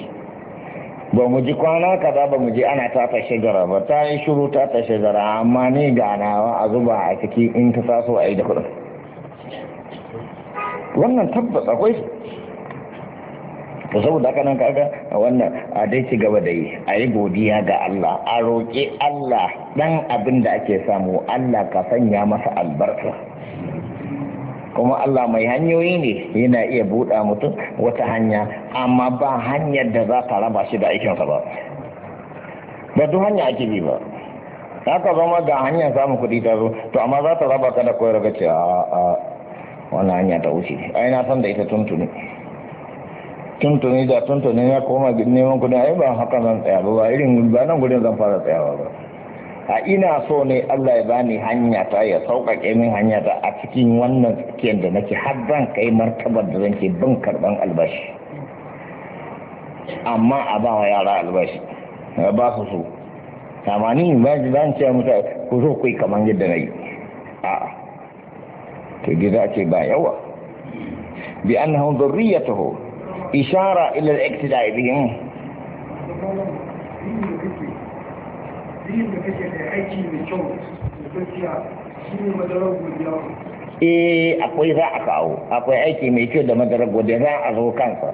ba mu ji kwana kaza ba mu ji ana tata shigara ba ta yi shiru tata shigara amma ni ganawa a zuba a ciki in ta taso a yi da kuɗin wannan tabbas akwai to saboda haka nan kaga wannan a dai ci gaba da yi a yi godiya ga Allah a roƙi Allah dan abin da ake samu Allah ka sanya masa albarka kuma Allah mai hanyoyi ne yana iya buɗa mutum wata hanya amma ba hanyar da za ta raba shi da aikinsa ba ba duk hanya ake bi ba haka zama ga hanyar samun kuɗi ta zo to amma za ta raba ka da koyar ga ce wani hanya ta wuce ai na san da ita tuntuni tuntuni da tuntuni ya koma neman kudin ai ba haka zan tsaya ba irin ba nan gudun zan fara tsayawa ba a ina so ne Allah ya bani hanya ta ya sauƙaƙe min hanya ta a cikin wannan tsakiyar da nake har zan kai martabar da zanke bin karɓan albashi amma a ba wa yara albashi ba su so tamanin ba zan ce musa ku zo kai kamar yadda na yi to gida ce ba yawa bi annahum dhurriyyatuhu ishara ila al-iqtida'i bihim eh, akwai za a kawo akwai aiki mai kyau da madarar godiya za a zo kansa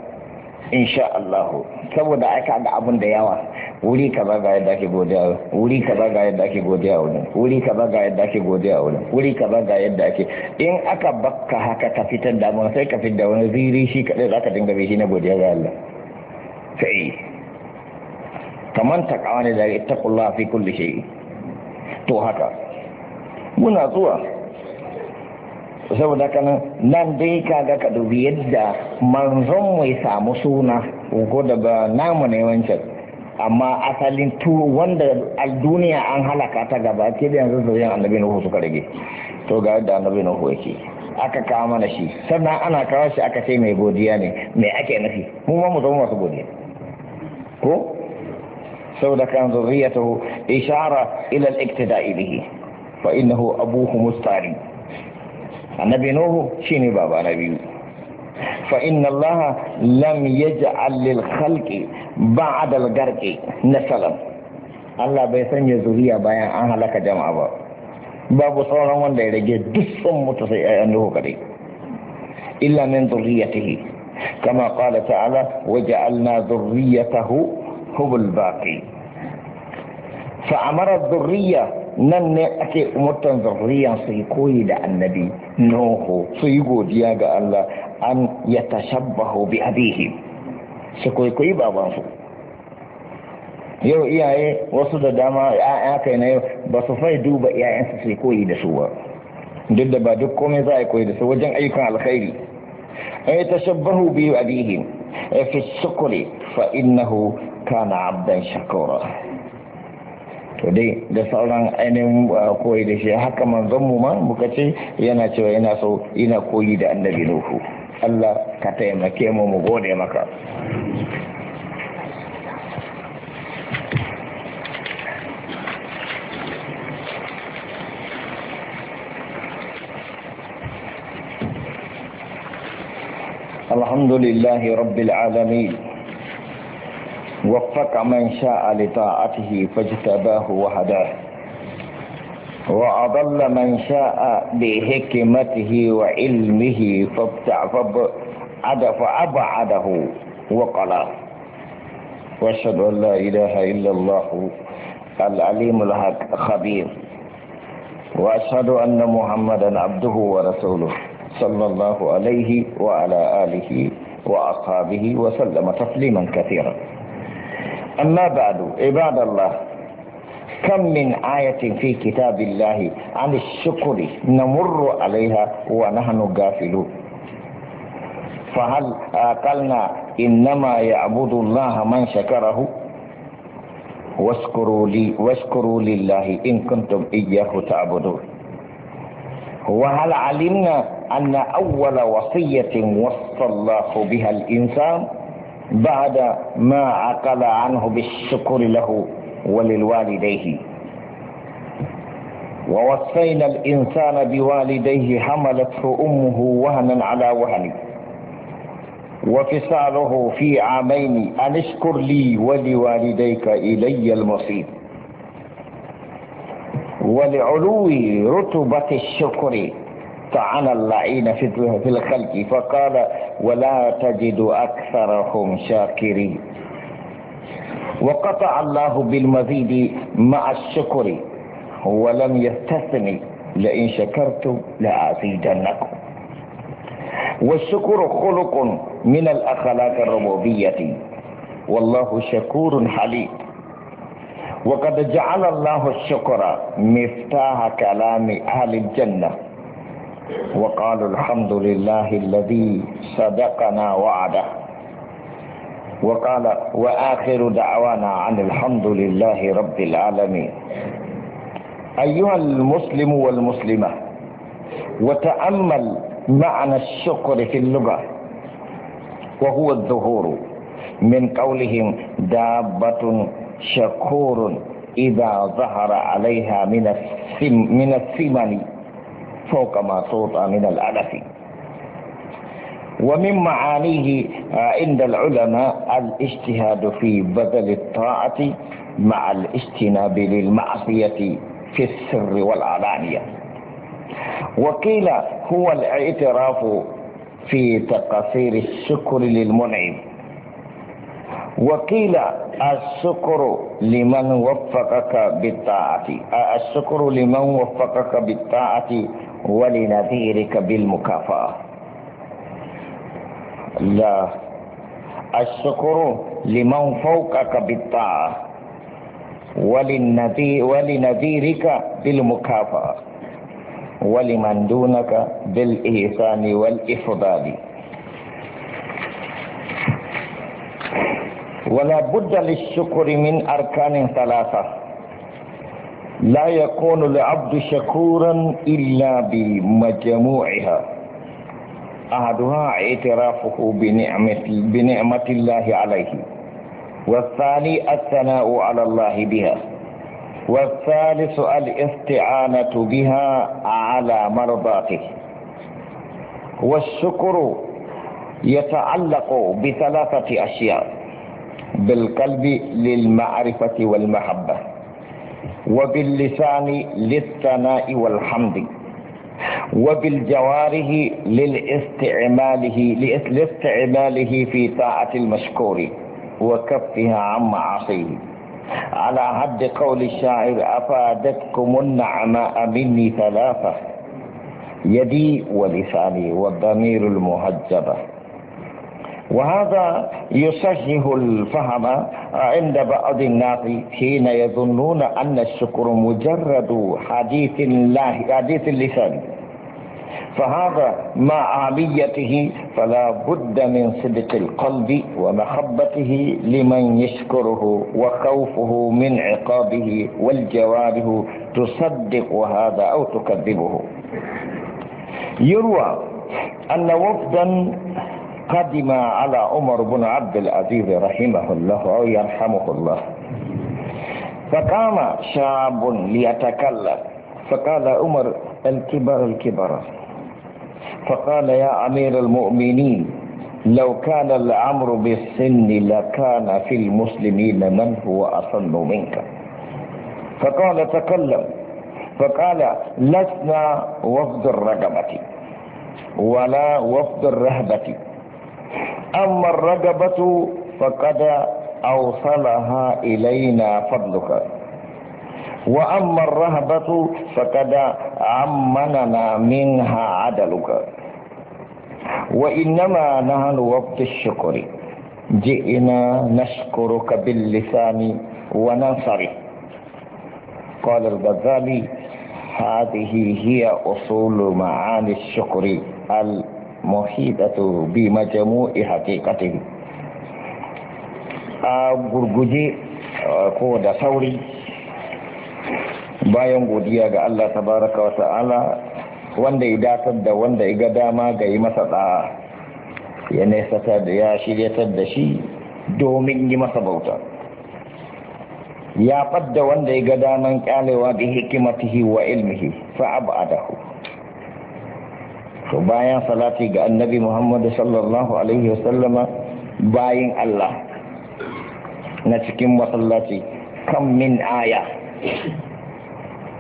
insha Allah saboda aka ga abun da yawa wuri ka ba ga yadda ake godiya wuri ka ba ga yadda ake godiya wuri wuri ba ga yadda ake godiya wuri wuri ba ga yadda ake in aka bakka haka ka fitar da mun sai ka fitar da wani ziri shi kadai zaka dinga bi shi na godiya ga Allah sai kaman ta ne da ittaqullah fi kulli shay to haka muna zuwa saboda kanan nan dai ga ka dubi yadda manzon mai samu suna ko da ba namu ne wancan amma asalin tu wanda a duniya an halaka ta gaba ke da yanzu zuwa annabi nuhu suka rage to ga yadda annabi nuhu yake aka kawo mana shi sannan ana kawo shi aka ce mai godiya ne mai ake nufi mu ma mu zama masu godiya ko saboda kan zuriyatu ishara ila al-iktida'i bihi fa innahu abuhu mustari annabi nuhu shine baba na biyu fa inna allah lam yaj'al lil khalqi ba'da al garqi nasalan allah bai sanya zuriya bayan an halaka jama'a ba babu sauran wanda ya rage duk mutu sai ayan nuhu kadai illa min kama كما قال تعالى وجعلنا ذريته هم الباقي فأمر الذرية nan ne ake umurtan zurriyan su yi koyi da annabi nuhu su yi godiya ga Allah an ya tashabbahu bi abihi su kwaikwayi babansu yau iyaye wasu da dama ya kai na yau ba su fai duba iyayensu su yi koyi da su ba duk da ba duk komai za a koyi da su wajen ayyukan alkhairi an ya tashabbahu bi abihi fi sukuri fa kana abdan shakura to dai da sauran ainihin uh, koyi da shi haka manzon mu ma muka ce yana cewa yana so ina koyi da annabi nuhu Allah ka taimake mu mu gode maka الحمد لله رب وفق من شاء لطاعته فاجتباه وهداه وأضل من شاء بحكمته وعلمه فأبعده وقلاه واشهد أن لا إله إلا الله العليم الحق واشهد ان محمدا عبده ورسوله صلى الله عليه وعلى اله واصحابه وسلم تسليما كثيرا أما بعد عباد الله كم من آية في كتاب الله عن الشكر نمر عليها ونحن غافلون فهل أكلنا إنما يعبد الله من شكره واشكروا لي واشكروا لله إن كنتم إياه تعبدون وهل علمنا أن أول وصية وصى الله بها الإنسان بعد ما عقل عنه بالشكر له وللوالديه ووصينا الإنسان بوالديه حملته أمه وهنا على وهن وفصاله في عامين أن اشكر لي ولوالديك إلي المصير ولعلو رتبة الشكر تعالى اللعين في الخلق فقال ولا تجد أكثرهم شاكرين وقطع الله بالمزيد مع الشكر ولم يستثني لئن شكرتم لأزيدنكم والشكر خلق من الأخلاق الربوبية والله شكور حليم وقد جعل الله الشكر مفتاح كلام أهل الجنة وقالوا الحمد لله الذي صدقنا وعده وقال وآخر دعوانا عن الحمد لله رب العالمين أيها المسلم والمسلمة وتأمل معنى الشكر في اللغة وهو الظهور من قولهم دابة شكور إذا ظهر عليها من السم من الثمن فوق ما توطى من العلف ومن معانيه آه، عند العلماء الاجتهاد في بذل الطاعة مع الاجتناب للمعصية في السر والعلانية وقيل هو الاعتراف في تقصير الشكر للمنعم وقيل الشكر لمن وفقك بالطاعة الشكر لمن وفقك بالطاعة ولنذيرك بالمكافأة لا الشكر لمن فوقك بالطاعة ولنذيرك بالمكافأة ولمن دونك بالإحسان والإفضال ولا بد للشكر من أركان ثلاثة لا يكون العبد شكورا إلا بمجموعها أحدها اعترافه بنعمة, بنعمة الله عليه والثاني الثناء على الله بها والثالث الاستعانة بها على مرضاته والشكر يتعلق بثلاثة أشياء بالقلب للمعرفة والمحبة وباللسان للثناء والحمد وبالجوارح للاستعماله لاستعماله في طاعة المشكور وكفها عن معاصيه على حد قول الشاعر أفادتكم النعماء مني ثلاثة يدي ولساني والضمير المهجبه وهذا يصحح الفهم عند بعض الناس حين يظنون أن الشكر مجرد حديث الله حديث اللسان فهذا مع عاميته فلا بد من صدق القلب ومحبته لمن يشكره وخوفه من عقابه والجواره تصدق هذا أو تكذبه يروى أن وفدا قدم على عمر بن عبد العزيز رحمه الله أو يرحمه الله فقام شاب ليتكلم فقال عمر الكبر الكبر فقال يا أمير المؤمنين لو كان الأمر بالسن لكان في المسلمين من هو أصل منك فقال تكلم فقال لسنا وفد الرقبة ولا وفد الرهبة أما الرقبة فقد أوصلها إلينا فضلك وأما الرهبة فقد عمننا منها عدلك وإنما نحن وقت الشكر جئنا نشكرك باللسان وننصرف قال الغزالي هذه هي أصول معاني الشكر muhidatu bi majmu'i haqiqatihi a gurguje ko da sauri bayan godiya ga Allah tabaraka wa ta'ala wanda ya datar da wanda ya ga dama ga yi masa da ya nesa da ya shiryatar da shi domin yi masa bauta ya fadda wanda ya ga daman kyalewa da hikimatihi wa ilmihi fa abadahu to bayan salati ga annabi muhammadu sallallahu alaihi wasallama bayan Allah na cikin masallaci kan min aya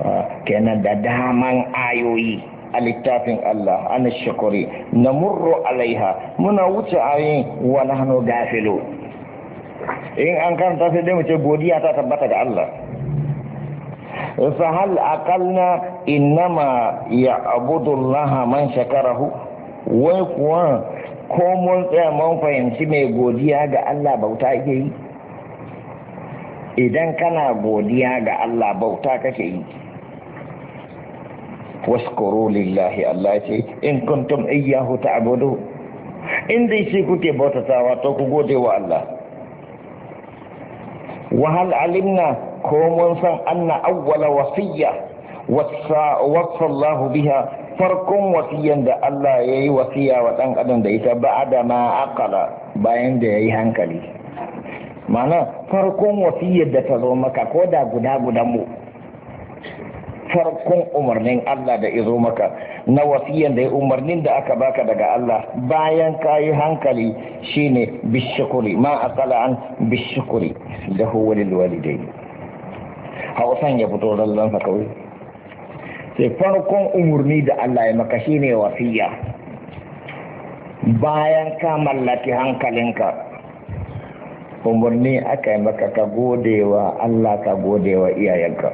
ah, kenan da daman ayoyi a littafin Allah ana shakuri na murro alaiha muna wuce ayoyin wani hannu gafilo in an karanta sai dai mu ce godiya ta tabbata ga Allah ya أقلنا إنما يعبد الله Wai kuwa ويقوى كومون من fahimci mai godiya ga Allah bauta yake yi idan kana godiya ga Allah bauta kake yi Wasu waskuru lillahi Allah ce in kuntum iyyahu ta'budu in dai shi kuke bautatawa to ku gode wa Allah Wahal alimna ko mun san anna awwala wasiyya wasa Allah biha farkon wasiyan da Allah ya yi wasiya wa ɗan adam da ita ba'ada ma aqala bayan da ya yi hankali mana farkon wasiyar da ta zo maka ko da guda gudan mu farkon umarnin Allah da izo maka na wasiyan da ya umarnin da aka baka daga Allah bayan ka yi hankali shine bishukuri ma aqala an bishukuri da huwalil walidai hausan ya fito sa kawai sai farkon umarni da Allah ya maka shine wasiya bayan ka mallaki hankalinka umarni aka yi maka ka godewa Allah ka godewa iyayenka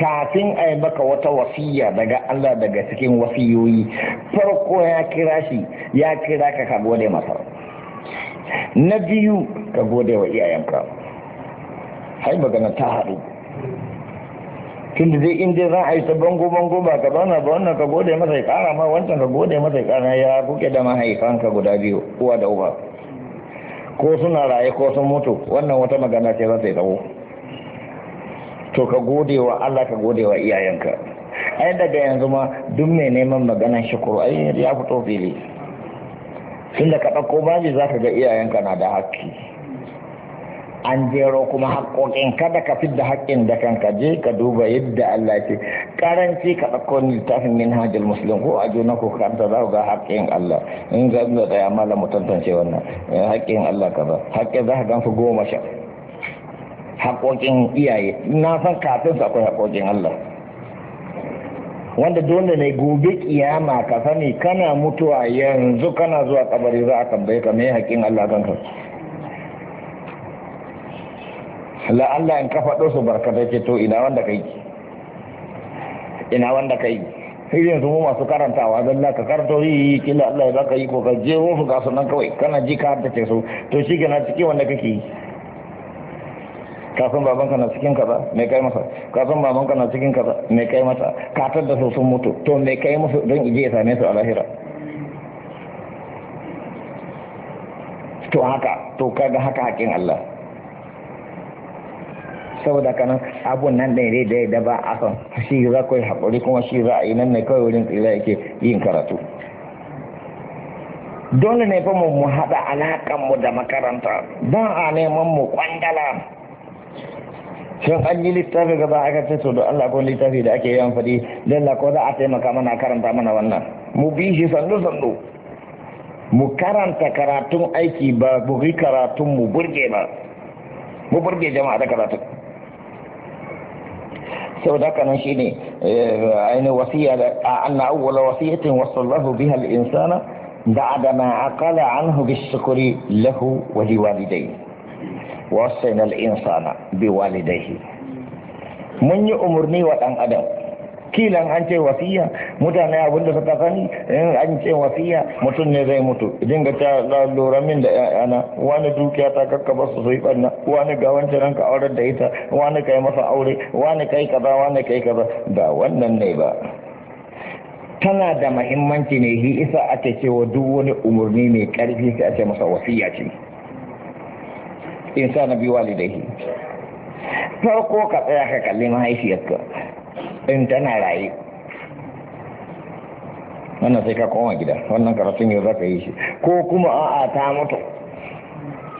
kafin a yi maka wata wasiya daga Allah daga cikin wasiyoyi farko ya kira shi ya kira ka ka gode masa na biyu ka gode wa iyayenka hai magana ta haɗu tun da zai inda za a yi ta bango bango ba ka zauna ba wannan ka gode masa ya kara ma wancan ka gode masa ya kara ya kuke da mahaifanka guda biyu uwa da uba ko suna raye ko sun mutu wannan wata magana ce za ta yi tsawo to ka gode wa Allah ka gode wa iyayenka ai daga yanzu ma duk mai neman maganan shukuru ai ya fito fili tun da ka ɗauko babi za ka ga iyayenka na da haƙƙi an jero kuma haƙoƙin kada ka da haƙƙin da kanka je ka duba yadda Allah ce karanci ka ɗauko littafin min hajjal musulun ko a juna ko karanta za ga haƙƙin Allah in ga da tsaya mala mu tantance wannan eh, haƙƙin Allah ka ba haƙƙin za ka gan goma sha haƙoƙin iyaye na san kafin su akwai haƙoƙin Allah wanda dole ne gobe kiyama ka sani kana mutuwa yanzu kana zuwa kabari za a tambaye ka me hakkin Allah kanka la'alla in kafa ɗo su barkatai ce to ina wanda kai ina wanda kai irin su mu masu karantawa don ka karanto yi kila Allah ya baka yi ko ka je su ga sunan kawai kana ji ka ce su to shi gana cikin wanda kake yi kafin baban ka na cikin kaza me kai masa kafin baban ka na cikin kaza me kai masa ka da su sun mutu to me kai musu don ije ya same su a lahira to haka to kaga haka hakin Allah saboda kanan abun nan ɗaya da ya ba a son shi za ku yi haƙuri kuma shi za a yi nan ne kawai wurin tsira yake yin karatu dole ne fa mu haɗa mu da makaranta don a neman mu kwandala shin an yi littafi gaba aka ce to don Allah ko littafi da ake yawan faɗi lalla ko za a taimaka mana karanta mana wannan mu bi shi sandu sandu mu karanta karatun aiki ba bugi karatun mu burge ba mu burge jama'a da karatun sau da kanan shi ne eh, ainihin wasiya da anna awwala wasiyatin wasallahu biha al-insana da adama aqala anhu bishukri lahu wa liwalidayhi wasayna al-insana biwalidayhi mun yi umarni wa ɗan adam kilan an ce wasiya mutane abinda suka sani in an ce wasiya mutum ne zai mutu idan ga ta lura min da yana wani dukiya ta kakkaba su sai banna wani ga wancan ranka aurar da ita wani kai masa aure wani kai kaza wani kai kaza ba wannan ne ba tana da mahimmanci ne hi isa ake cewa duk wani umarni mai karfi sai ake masa wasiya ce na biyu walidai farko ka tsaya ka kalli mahaifiyarka in tana raye wannan sai ka koma gida wannan karatun yau za ka yi shi ko kuma a'a ta mutu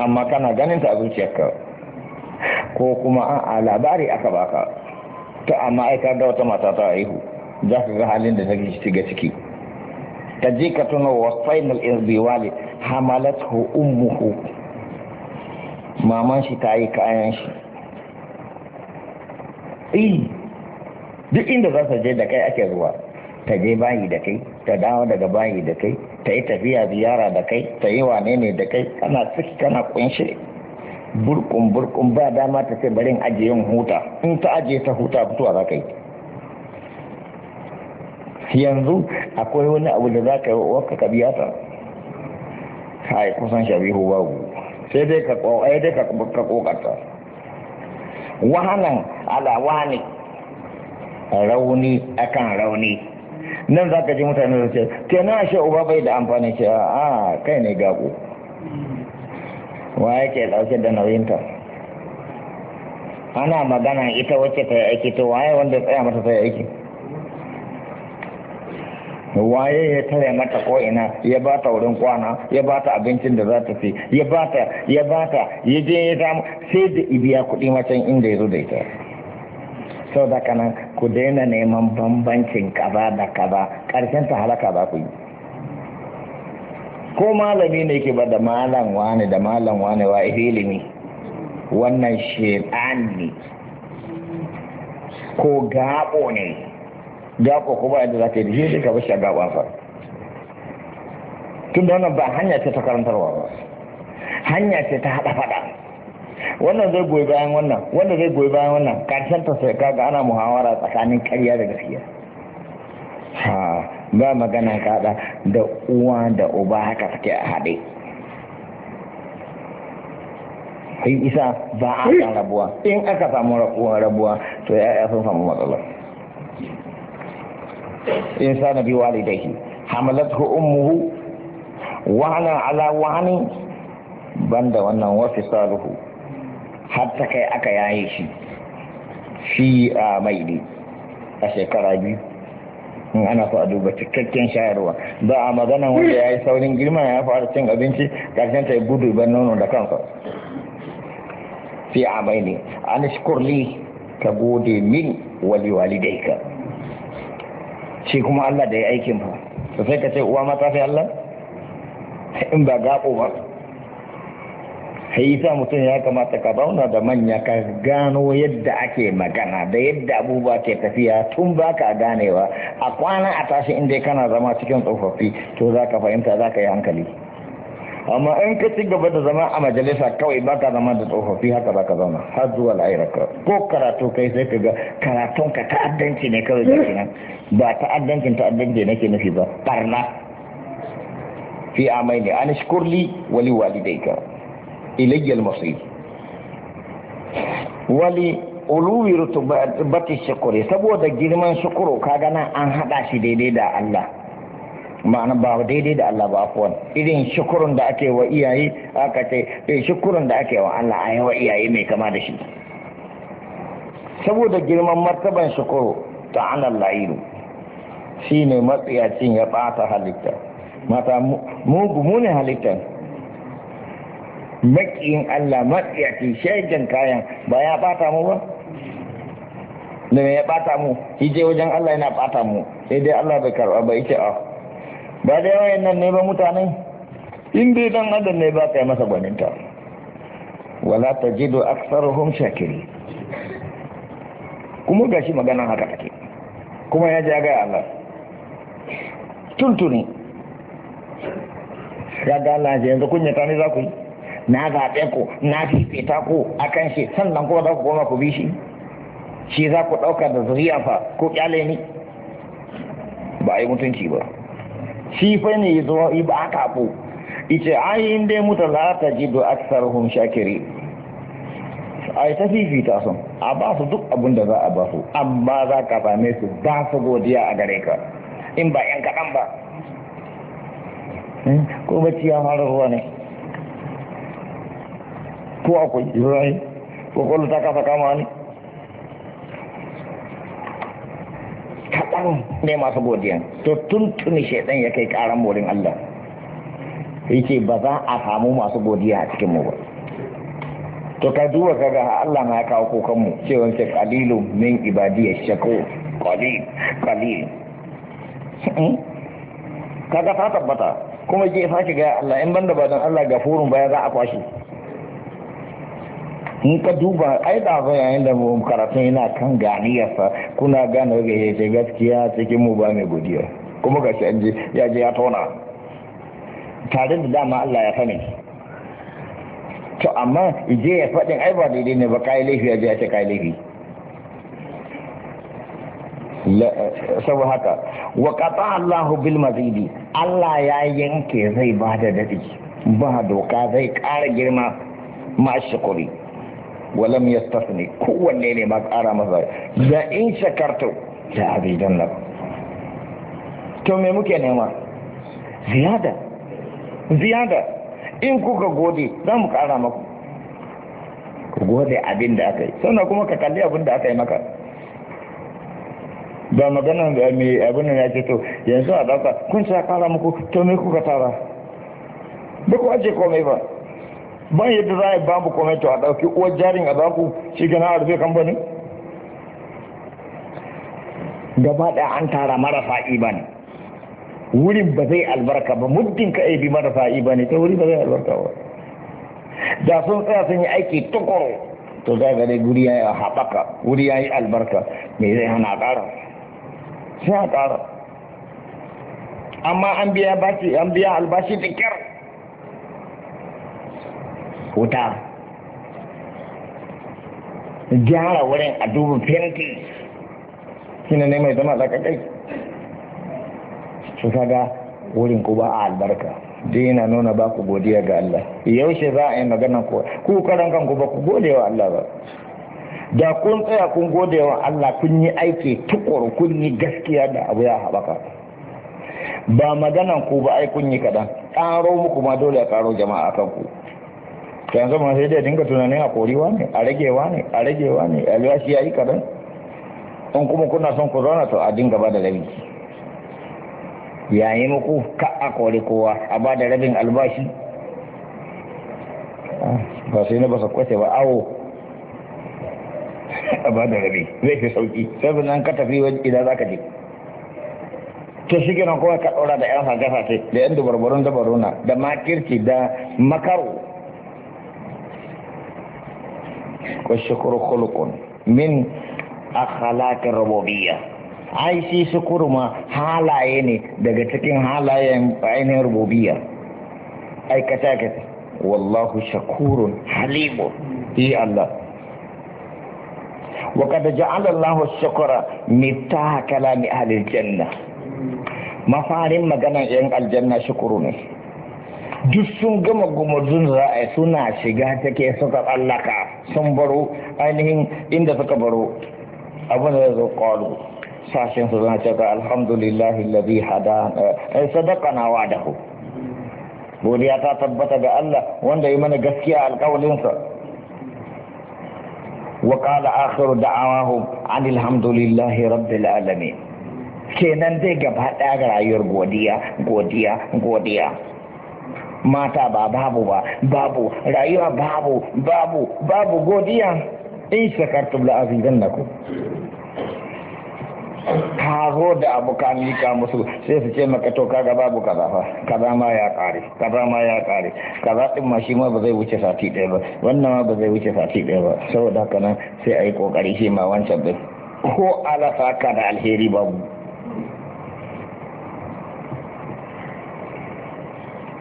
amma kana ganin ta a zuciyarka ko kuma a'a labari aka baka ta amma aika da wata mata ta haihu za ka ga halin da take shiga ciki ta je ka tuna wa final irbiwali hamalathu ummuhu maman shi ta yi kayan shi duk inda za su je da kai ake zuwa ta je bayi da kai ta dawo daga bayi da kai ta yi tafiya ziyara da kai ta yi wane ne da kai kana ciki kana kunshe burkun burkun ba dama ta ce barin yin huta in ta ajiye ta huta fitowa za ka yi yanzu akwai wani abu da za ka yi wakka ka biya ta hai kusan shabihu babu sai dai ka kokarta wahanan ala wani rauni akan rauni nan za ka ji mutane su ce ke na shi uba bai da amfani ce a kai ne gago wa yake dauke da nauyinta ana magana ita wacce ta yi aiki to waye wanda tsaya mata ta yi aiki waye ya tare mata ko'ina ya ba ta wurin kwana ya ba ta abincin da za ta fi ya ba ta ya ba ta ya je ya damu, sai da ibiya kuɗi macen inda ya zo da ita sau da kanan ku daina neman bambancin kaza da kaza ƙarshen ta halaka za ku yi ko malami ne ke ba da malam wane da malam wane wa ilimi wannan shedan ne ko gabo ne gabo ko ba yadda za ka yi shi ka bashi a gaban sa tun da wannan ba hanya ce ta karantarwa ba hanya ce ta haɗa faɗa wannan zai goyi bayan wannan wanda zai goyi bayan wannan karshen ta sai kaga ana muhawara tsakanin ƙarya da gaskiya ha ba magana kada da uwa da uba haka suke a haɗe sai isa ba a san rabuwa in aka samu rabuwa to ya sun samu matsala. in sa na biyu walidai hamalatu ummuhu wahana ala wahani banda wannan wafi saluhu har ta kai aka yaye shi shi a ne a shekara biyu in ana so a duba cikakken shayarwa ba a magana wanda ya yi saurin girma ya fara cin abinci karshen ta gudu ban nono da kansa fi a ne an shi ka gode min wali wali da ika shi kuma Allah da ya aikin fa sai ka ce uwa mata Allah in ba gaɓo ba sai yasa mutum ya kamata ka zauna da manya ka gano yadda ake magana da yadda abubuwa ke tafiya tun ba ka ganewa a kwana a tashi inda kana zama cikin tsofaffi to za ka fahimta za ka yi hankali amma in ka ci gaba da zama a majalisa kawai ba ka zama da tsofaffi haka ba ka zama har zuwa la'iraka ko karatu kai sai ka ga karatun ka ta'addanci ne kawai da kenan ba ta'addancin ta'addanci nake nufi ba barna fi amai ne an shukurli wali walidai ka ilayyal masir wali uluwi rutubati shukuri saboda girman shukuru kaga nan an hada shi daidai da Allah ma'ana ba daidai da Allah ba afwan irin shukurun da ake wa iyaye aka ce da ake wa Allah ayi wa iyaye mai kama da shi saboda girman martaban shukuru ta'ala la'ilu shine matsiyacin ya bata halitta mata mugu mune halittar makiyin Allah matsiyaci shaidan kayan ba ya bata mu ba da me ya bata mu je wajen Allah yana bata mu sai dai Allah bai karba ba yake a ah. ba da yawa nan ne ba mutane in dai dan adam ne ba kai masa gwaninta wala ta aksar hom shakiri. kuma gashi maganan haka take kuma ya jaga gaya Allah tuntuni ya ga Allah yanzu kunyata ta ne za ku yi na zaɓe ku na fifita ku a kan shi sannan kuma za ku koma ku bi shi shi za ku ɗauka da zuriya fa ko ƙyale ni ba a yi mutunci ba shi fa ne ya zo yi ba aka ku ice ai in dai muta za ta ji do aksar hun shakiri yi ta fifita sun a ba su duk abin da za a ba su amma za ka same su ba su godiya a gare ka in ba yan kaɗan ba hmm? ko bacci ya fara ruwa ne ko akwai ibrahim ko kwallo ta kafa kama ne kaɗan ne masu godiya to tun tuni shaidan ya kai ƙaran morin allah yake ba za a samu masu godiya a cikin mu ba to ka duba ka ga Allah na ya kawo kokan mu cewa ce qalilu min ibadiy shako qalil qalil hmm? kaga ta tabbata kuma ke sake ga Allah in banda ba dan Allah gafurun baya za a kwashi in ka duba ai da zai yayin da mu karatu ina kan ganiyarsa kuna gane ga yace gaskiya cikin mu ba mai godiya kuma ga shi an je ya je ya tona tare da dama Allah ya sani to amma ije ya fadin ai ba daidai ne ba kai laifi ya je ya ce kai laifi saboda haka wa qata Allahu bil mazidi Allah ya yanke zai bada dadi ba doka zai ƙara girma ma shukuri walam tasni kowanne ne ma kara masa da in shakartu da abidan nan to me muke nema ziyada ziyada in kuka gode za mu kara maku ku gode abin da aka yi na kuma ka kalli abin da aka yi maka ba magana eh, mai abin ya ce to yanzu a ɗauka kun sa kara muku to me kuka tara ba ku aje komai ba ban yadda za a yi babu kwamito a ɗauki uwar jarin a zaku shi gana a rufe kamfanin gaba ɗaya an tara marasa imani wurin ba zai albarka ba muddin ka bi marasa imani ta wuri ba zai albarka ba da sun tsaya sun yi aiki tukuru to zai ga dai guri ya yi haɓaka guri ya yi albarka me zai hana ƙara sai a ƙara amma an biya albashi da kyar wuta gyara wurin a dubu fenti shine ne mai zama tsakakai su kaga wurin ku ba a albarka Dina nuna ba ku godiya ga Allah yaushe za a yi magana ku ku karan kanku ba ku gode wa Allah ba da kun tsaya kun gode wa Allah kun yi aiki tukuru kun yi gaskiya da abu ya haɓaka ba magana ku ba ai kun yi kaɗan ƙaro muku ma dole a ƙaro jama'a kanku yanzu ma sai dai dinga tunanin a korewa ne a ragewa ne a ragewa ne a lashi ya yi kadan in kuma kuna son ku zauna to a dinga ba da rabi yayi muku ka a kori kowa a ba da rabin albashi ah, ba sai na ba sa kwace ba awo a ba da rabi zai fi sauki sai nan ka tafi wajen idan za ka je to shi kenan kowa ka ɗora da 'yan hajjasa ce da 'yan dubarbarun dabaruna da makirci da makaro wa shukuru khuluqun min akhlaqir rububiyyah ai shi shukuru ma halaye ne daga cikin halayen ainihin rububiyya aikata aikata wallahu shakurun halimun yi Allah وقد جعل الله الشكر مفتاح كلام أهل الجنة mafarin maganan 'yan aljanna shukuru ne duk sun gama gumurzun ra'ayi suna shiga take suka tsallaka sun baro ainihin inda suka baro abin da zai zo sashen su zana cewa alhamdulillah ladhi hada eh, eh, sadaqana wa'dahu godiya ta tabbata ga Allah wanda ya mana gaskiya alƙawalinsa wa qala akhiru da'awahum alhamdulillahi rabbil alamin kenan dai gaba ɗaya rayuwar godiya godiya godiya mata ba babu ba babu rayuwa babu babu babu godiya in shakartum la azidannakum ka Kazo da abu ka musu sai su ce maka to kaga babu kaza fa kaza ma ya kare kaza ma ya kare kaza din ma shi ma ba zai wuce sati ɗaya ba wannan ma ba zai wuce sati ɗaya ba saboda haka nan sai a yi kokari shi ma wancan din ko alasa ka da alheri babu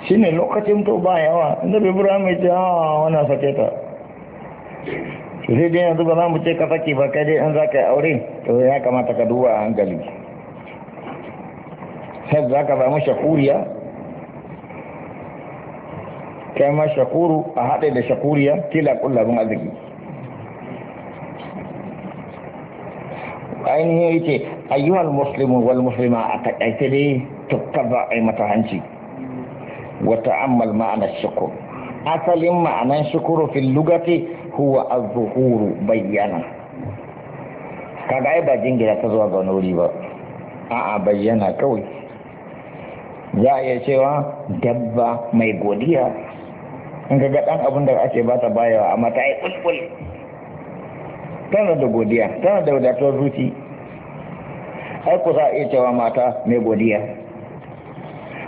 shi ne lokacin to ba yawa inda bai bura mai ce hawa ah, wana sake ta su sai dina zuba za mu ce ka sake ba kai dai an za ka yi aure to ya kamata ka duba a hankali sai za ka samu shakuriya kai ma shakuru a haɗe da shakuriya kila kullabin arziki ainihin ce ayyuhal muslimu wal muslima a taƙaice dai tukka ba a yi mata Wata معنى الشكر أصل asalin ma'anan في اللغة هو huwa بيانا bayyana kaga ai ba jingira ta بيانا ga wani ba a'a bayyana kawai za a iya cewa dabba mai godiya in ga dan abin da ake ba ta bayawa amma ta yi tana da godiya tana da zuci ai ku za a iya cewa mata mai godiya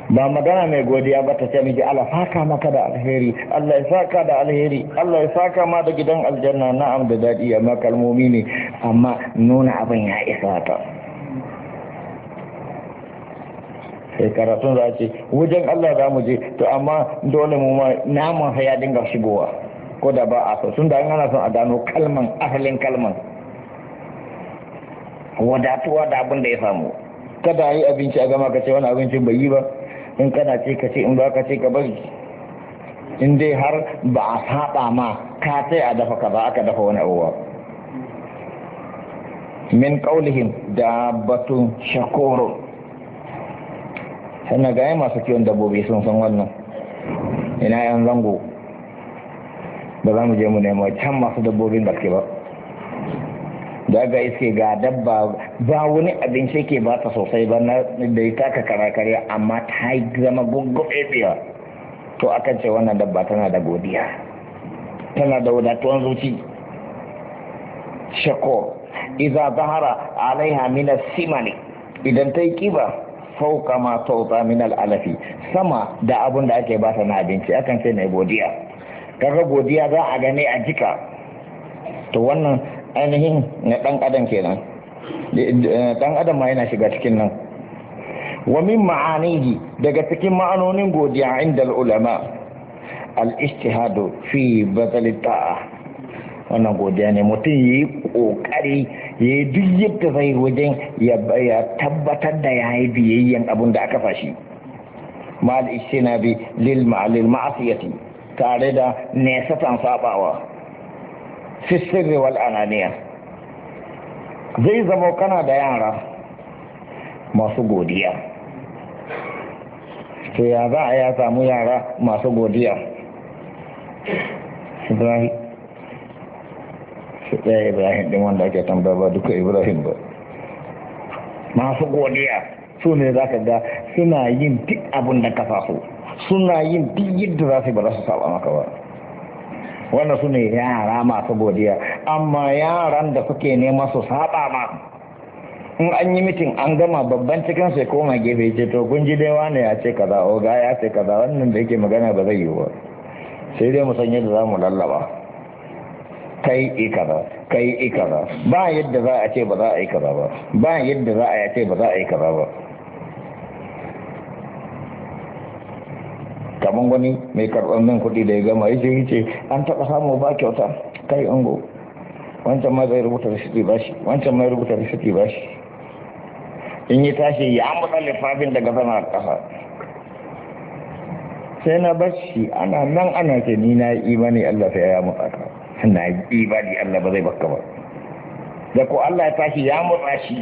ba magana mai godiya ba ta ce miki Allah saka maka da alheri Allah ya saka da alheri Allah ya saka ma da gidan aljanna na'am da dadi amma kalmomi ne amma nuna abin ya isa ta sai karatun za ce wajen Allah za mu je to amma dole mu ma namun ya dinga shigowa ko da ba a so sun da ana son a gano kalman asalin kalman wadatuwa da abin da ya samu kada a yi abinci a gama ka ce wani abincin bai yi ba in kana ce ka ce in ba ka ce ka bari in dai har ba a saba ma ka sai a dafa ka ba aka dafa wani abuwa min kaulihim da batun shakoro sannan gaya masu kiwon dabbobi sun san wannan ina yan zango ba za mu je mu nemo can masu dabbobin gaske ba Da daga iske ga dabba ba wani abin shi ke bata sosai ba na da ya taka karakare amma ta yi zama guggufe to akan ce wannan dabba tana da godiya tana da wadatuwan zuci shako iza zahara alaiha simani idan ta yi kiba fauka ma tauta minal alafi sama da abun da ake bata na abinci akan ce mai godiya kaga godiya za a gane a jika to wannan ainihin na ɗan adam kenan eh, ɗan adam ma yana shiga cikin nan wa min ma'anihi daga cikin ma'anonin godiya inda ulama al fi bazal ta'a wannan godiya ne mutum yi ƙoƙari ya yi duk yadda zai wajen ya tabbatar da ya yi biyayyen abin da aka fashi ma'al bi lil ma'asiyati tare da nesa tan sabawa fi sirri ananiya zai zama kana da yara masu godiya to ya za a ya samu yara masu godiya ibrahim su ɗaya ibrahim ɗin wanda ake tambaya ba duka ibrahim ba masu godiya su ne za ka ga suna yin duk abin da ka suna yin duk yadda za su ba za su saba maka ba wannan su ne yara masu godiya amma yaran da kuke nema su saba ma in an yi mitin an gama babban cikin sai koma gefe ce to kun ji dai wani ya ce kaza o ga ya ce kaza wannan da yake magana ba zai yi ba sai dai mu san yadda za mu lallaba kai kaza kai kaza ba yadda za a ce ba za a yi kaza ba ba yadda za a ce ba za a yi kaza ba kamar wani mai karɓar min kuɗi da ya gama ya ce ce an taɓa samu ba kyauta kai ango wancan ma zai rubuta da ba shi wancan ma rubuta risiti ba shi in yi tashi ya mutsa lifafin daga sama ƙasa sai na bashi shi ana nan ana ce ni na yi imani Allah sai ya mutsa ka na yi imani Allah ba zai baka ba da ko Allah ya tashi ya mutsa shi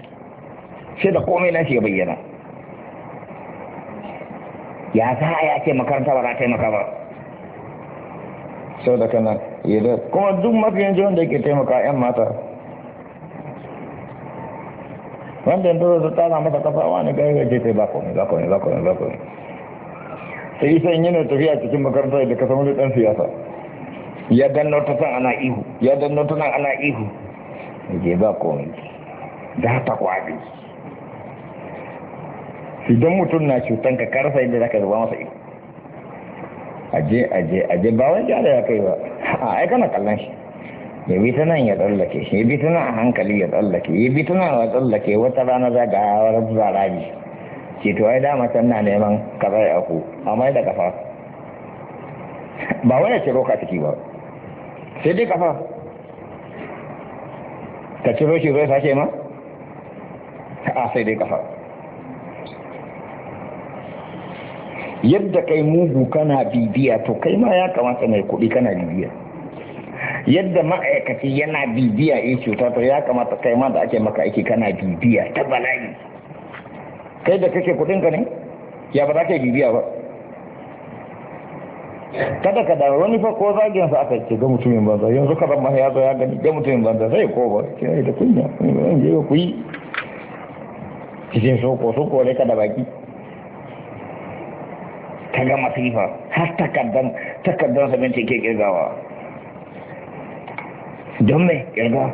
sai da komai na shi ya bayyana ya za a yi makaranta ba za ta yi maka ba sau da yi da kuma duk mafiyan jiwon da yake taimaka 'yan mata wanda yanzu da tsara masa kafa wani gari ya jefe ba bakon bakon bakon ba sai yi san yana tafiya cikin makaranta da kasan wani dan siyasa ya danna ta san ana ihu ya danna ta nan ana ihu ya je ba kome da ta kwabi idan mutum na cutan ka karfa inda zaka zuba masa ido aje aje aje ba wani jada ya kai ba a ai kana kallon shi ya bi ta nan ya tsallake ya bi ta nan a hankali ya tsallake ya bi ta nan ya tsallake wata rana za ga yawar zarabi ce to ai dama can na neman kaza ya ku amma da kafa ba wani ciro ka ciki ba sai dai kafa ka ciro shi zai sake ma a sai dai kafa yadda kai mugu kana bibiya to kai ma ya kamata mai kuɗi kana bibiya yadda ma'aikaci yana bibiya in cuta to ya kamata kai ma da ake maka aiki kana bibiya ta bala'i kai da kake kuɗin ka ne ya ba za ka bibiya ba kada ka da wani fa ko zagin sa aka ce ga mutumin banza yanzu ka zama ya zo gani ga mutumin banza zai ko ba da kunya ku yi so ko so ko ne ka da baki ta ga masifa har takardar takardan sa ke kirgawa don me kirga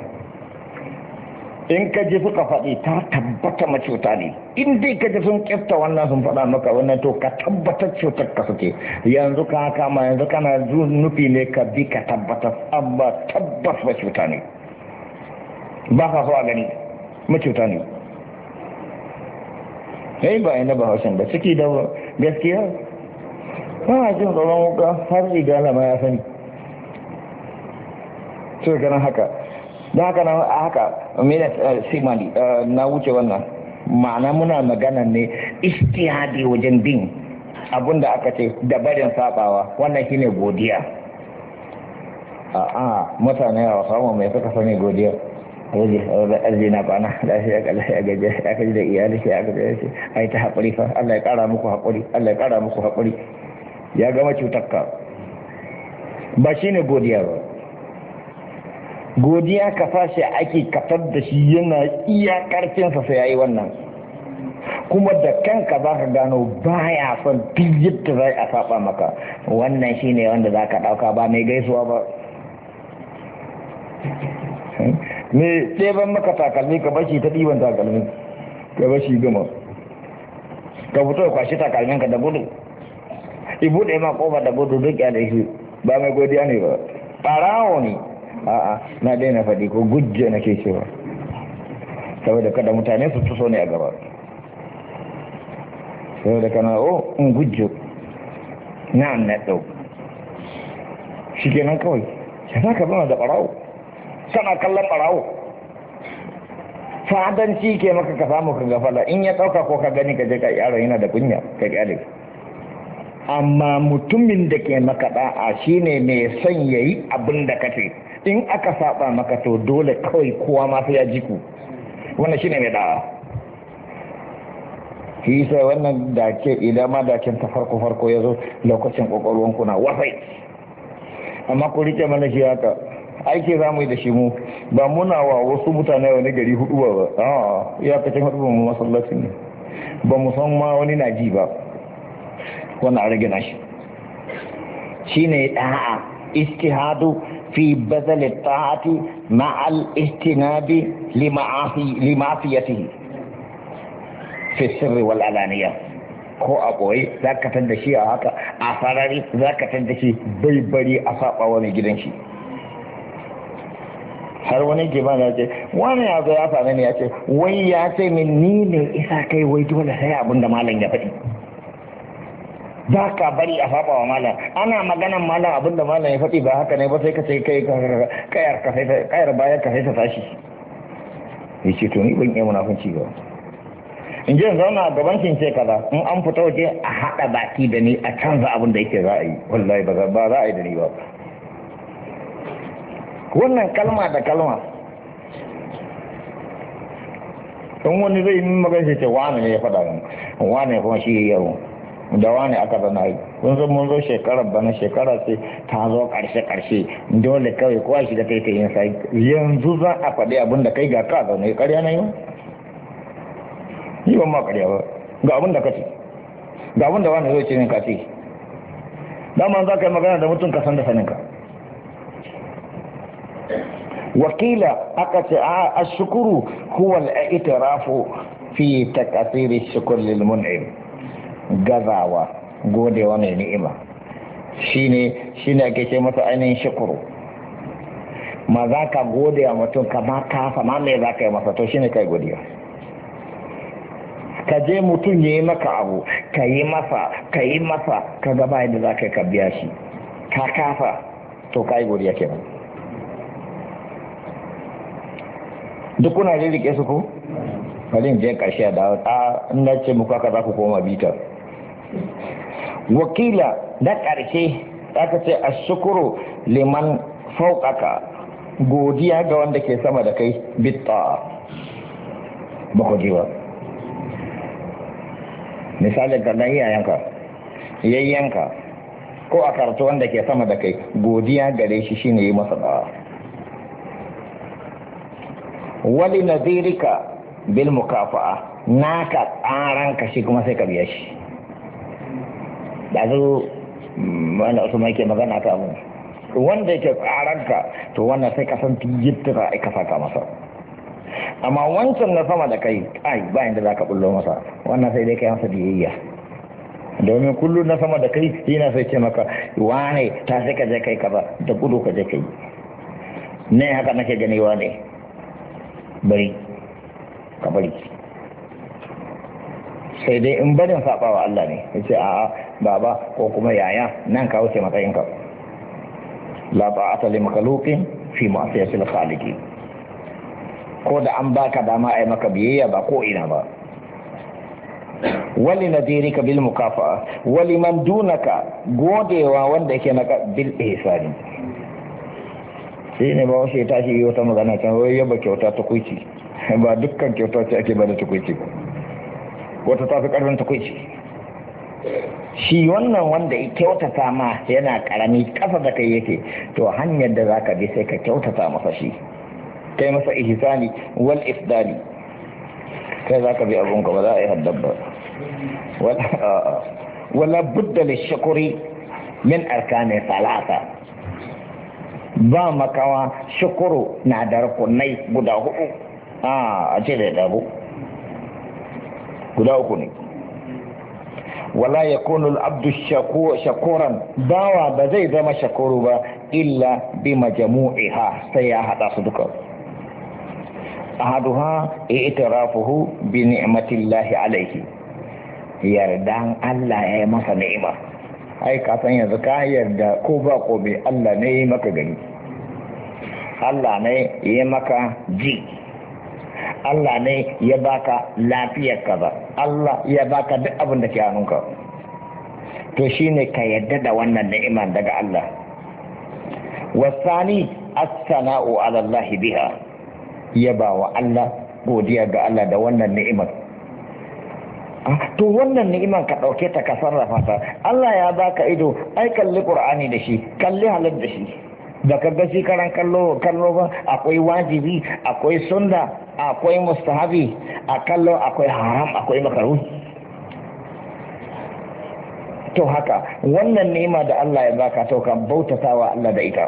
in ka ji suka faɗi ta tabbata macuta ne in dai ka ji sun kyafta wannan sun faɗa maka wannan to ka tabbatar cutar ka suke yanzu ka kama yanzu kana nufi ne ka bi ka tabbatar amma tabbas macuta ne ba ka so a gani macuta ne yayi eh, ba da ba hausin ba ciki da gaskiya kana jin tsoron wuka har riga lama ya sani sai ganin haka da haka na haka mina eh, simali eh, na wuce wannan ma'ana muna magana ne istihadi wajen bin abinda aka ce da sabawa wannan shine godiya a'a mutane a samu mai suka sani godiya waje arzi na kwana lafiya shi lafiya ga ya kaji da iyali shi ya shi, gaji ai ta haƙuri fa Allah ya ƙara muku haƙuri Allah ya ƙara muku haƙuri ya gama cutarka ba shi ne godiya ba godiya ka fashe ake kafar da shi yana iya karfinsa sai ya yi wannan kuma da kanka za ka gano baya son duk da za a saba maka wannan shi ne wanda za ka ɗauka ba mai gaisuwa ba me ban maka takalmi ka bashi ta ɗiban takalmi ka bashi gama ka fito kwashi ka da gudu ya buɗe ma kofar da gudu duk da shi ba mai godiya ne ba ɓarawo ne a'a na daina faɗi ko gujje na ke cewa saboda kada mutane su tuso ne a gaba saboda kana o in gujjo na na ɗau shi kenan kawai ya za ka zama da ɓarawo kana kallon ɓarawo fadanci ke maka ka samu ka gafala in ya ɗauka ko ka gani ka je ka da kunya ka kyale amma mutumin da ke maka da'a shine mai son yayi abin da kace in aka saba maka to dole kawai kowa ma sai ya jiku wannan shine mai da'a shi sai wannan dake idan ma daken ta farko farko ya zo lokacin kokorwan kuna wasai amma ku rike mana shi haka aiki za mu yi da shi mu ba muna wa wasu mutane wani gari hudu ba ba ya kacin hudu ba mu masallaci ne ba mu san ma wani na ji ba wannan shi, rage shi ne da'a istihadu fi bazal ta'ati ma'al istinabi limafiyatihi fi sirri wal alaniya ko a ɓoye za ka tanda shi a haka a farari za ka tanda shi bai bari a saɓa wani gidan shi har wani gima ya ce wani ya zo ya fara ni ya ce wai ya ce min ni ne isa kai wai dole sai abin da malam ya faɗi za ka bari a faɓa wa malam ana maganan malam abinda malam ya faɗi ba haka ne ba sai ka ce kai kayar ka baya ka haifa ta tashi ya ce to ni ban iya munafunci ba in ji zauna a gaban shi ce kaza in an fita waje a haɗa baki da ni a canza abin da yake za a yi wallahi ba za a yi da ni ba wannan kalma da kalma in wani zai yi magana ce wane ne ya faɗa wani ya kuma shi ya yawon da wani aka zana yi kun zo mun zo shekarar bana shekara ce ta zo karshe karshe dole kawai kowa shiga ta yi yin sai yanzu za a faɗi abin da kai ga ka zaune karya na yi yi ban ma karya ba ga abin da ka ce ga abin da wani zo ce min ka ce man za ka yi magana da mutum ka san da saninka wakila aka ce a ashukuru huwa al-i'tirafu fi takasiri shukr lil mun'im gazawa godewa mai ni'ima shine shine ake ce masa ainihin shukuru ma za ka gode wa mutum ma ka sama me za ka yi masa to shine kai godiya ka je mutum ya yi maka abu ka yi masa ka yi masa ka gaba yadda za ka ka biya shi ka kafa to kai godiya kenan duk kuna rike su ko bari in je a da a na ce muku haka za ku koma bitar wakila da ƙarshe aka ce a shukuru liman fauƙaka godiya ga wanda ke sama da kai bitta ba ku ji ba misali ga dan yayanka yayyanka ko a karatu wanda ke sama da kai godiya gare shi shine yi masa ba wali nazirika bil mukafa'a naka tsaran ka shi kuma sai ka biya shi da zo mm, wani wasu mai ke magana ta mu wanda yake tsaranka to wannan sai kasan yadda a ka kasa masa amma wancan na sama da kai ai bayan da za ka bullo masa wannan sai dai kai masa biyayya domin kullum na sama da kai yana sai ce maka wane ta sai ka je kai ka ba, da gudu ka je kai ne haka nake gani ne bari ka bari sai dai in barin wa Allah ne ya ce a'a baba ko kuma yaya nan ka wuce ka? la ta'ata maka makhluqin fi ma'siyati al-khaliqi ko da an baka dama ai maka biyayya ba ko ina ba wali ka bil mukafa wali man dunaka godewa wanda yake naka bil ihsani sai ne ba wasu ya tashi yi wata magana can wai yaba kyauta ta kuici ba dukkan kyauta ce ake bada ta kuici ko ta fi karfin ta kuici shi wannan wanda ya kyautata ma yana karami kafa da kai yake to hanyar da zaka bi sai ka kyautata masa shi kai masa ihsani wal ifdali kai zaka bi abun ka ba za a yi ba. wala budda shukuri min arkane salata ba makawa shukuru na da rukunai guda hudu a ce da dabu guda uku ne wala ya al-abdu shakuran bawa ba zai zama shakuru ba illa bi majmu'iha sai ya hada su duka ahaduha i'tirafuhu bi ni'matillahi alayhi yarda Allah ya yi masa ni'ima ai ka san yanzu ka yarda ko ba ko bai Allah ne maka gani Allah ne ya maka ji Allah ne ya baka lafiyar ba, Allah ya baka duk abin da ke hannunka to shine ka yadda da wannan ni'ima daga Allah wasani as-sana'u 'ala Allah biha ba wa Allah godiya ga Allah da wannan ni'imar ah, to wannan ni'imar ka dauke ta ka sarrafa ta Allah ya baka ido ai kalli Qur'ani da shi kalli halal da shi da ga shi karan kallo kallo ba akwai wajibi akwai sunna akwai mustahabi a kallo akwai haram akwai makaru to haka wannan nema da Allah ya baka to kan bautatawa Allah da ita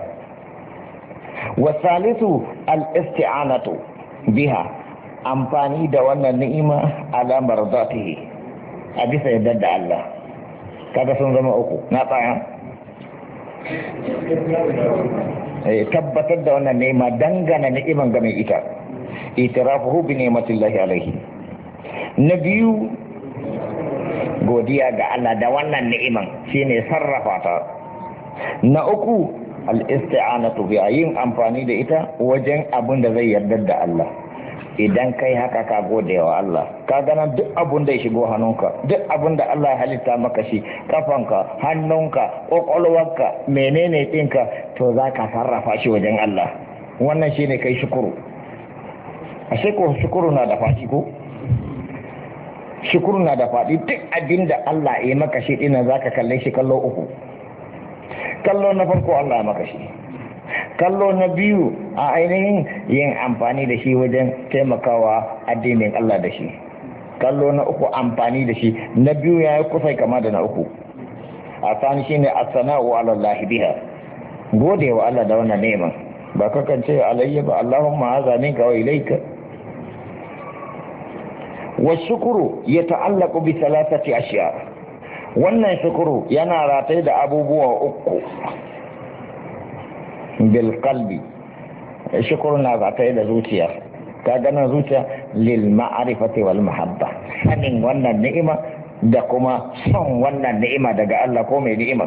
wasalisu al-isti'anatu biha amfani da wannan ni'ima alamar zatihi a bisa yadda da Allah kaga sun zama uku na tsaya Eh, tabbatar da wannan nema dangana ni'iman ga mai ita itirafuhu bi ni'matillahi alaihi na biyu godiya ga Allah da wannan ni'iman shine sarrafa ta na uku al-isti'anatu bi yin amfani da ita wajen abin da zai yarda da Allah idan kai haka ka gode wa Allah ka gana duk abun da ya shigo hannunka duk abun da Allah ya halitta maka shi kafanka hannunka ƙwaƙwalwarka menene ɗinka to za ka sarrafa shi wajen Allah wannan shi ne kai shukuru a ko shukuru na da faɗi ko shukuru na da faɗi duk abin da Allah ya maka shi ɗina za ka kalle shi kallo uku kallo na farko Allah ya maka shi kallo na biyu a ainihin yin amfani da shi wajen taimakawa addinin Allah da shi kallo na uku amfani da shi na biyu ya yi kusa kama da na uku a sani shine a sanau ala Allah gode wa Allah da wannan neman ba kakan ce alayya ba Allahumma hadha minka wa ilaika. wa shukuru ta'allaku bi salatati ashiya wannan shukuru yana rataye da abubuwa uku bil qalbi shukrun na zata da zuciya ta ganin zuciya lil ma'rifati wal mahabba sanin wannan ni'ima da kuma son wannan ni'ima daga Allah ko mai ni'ima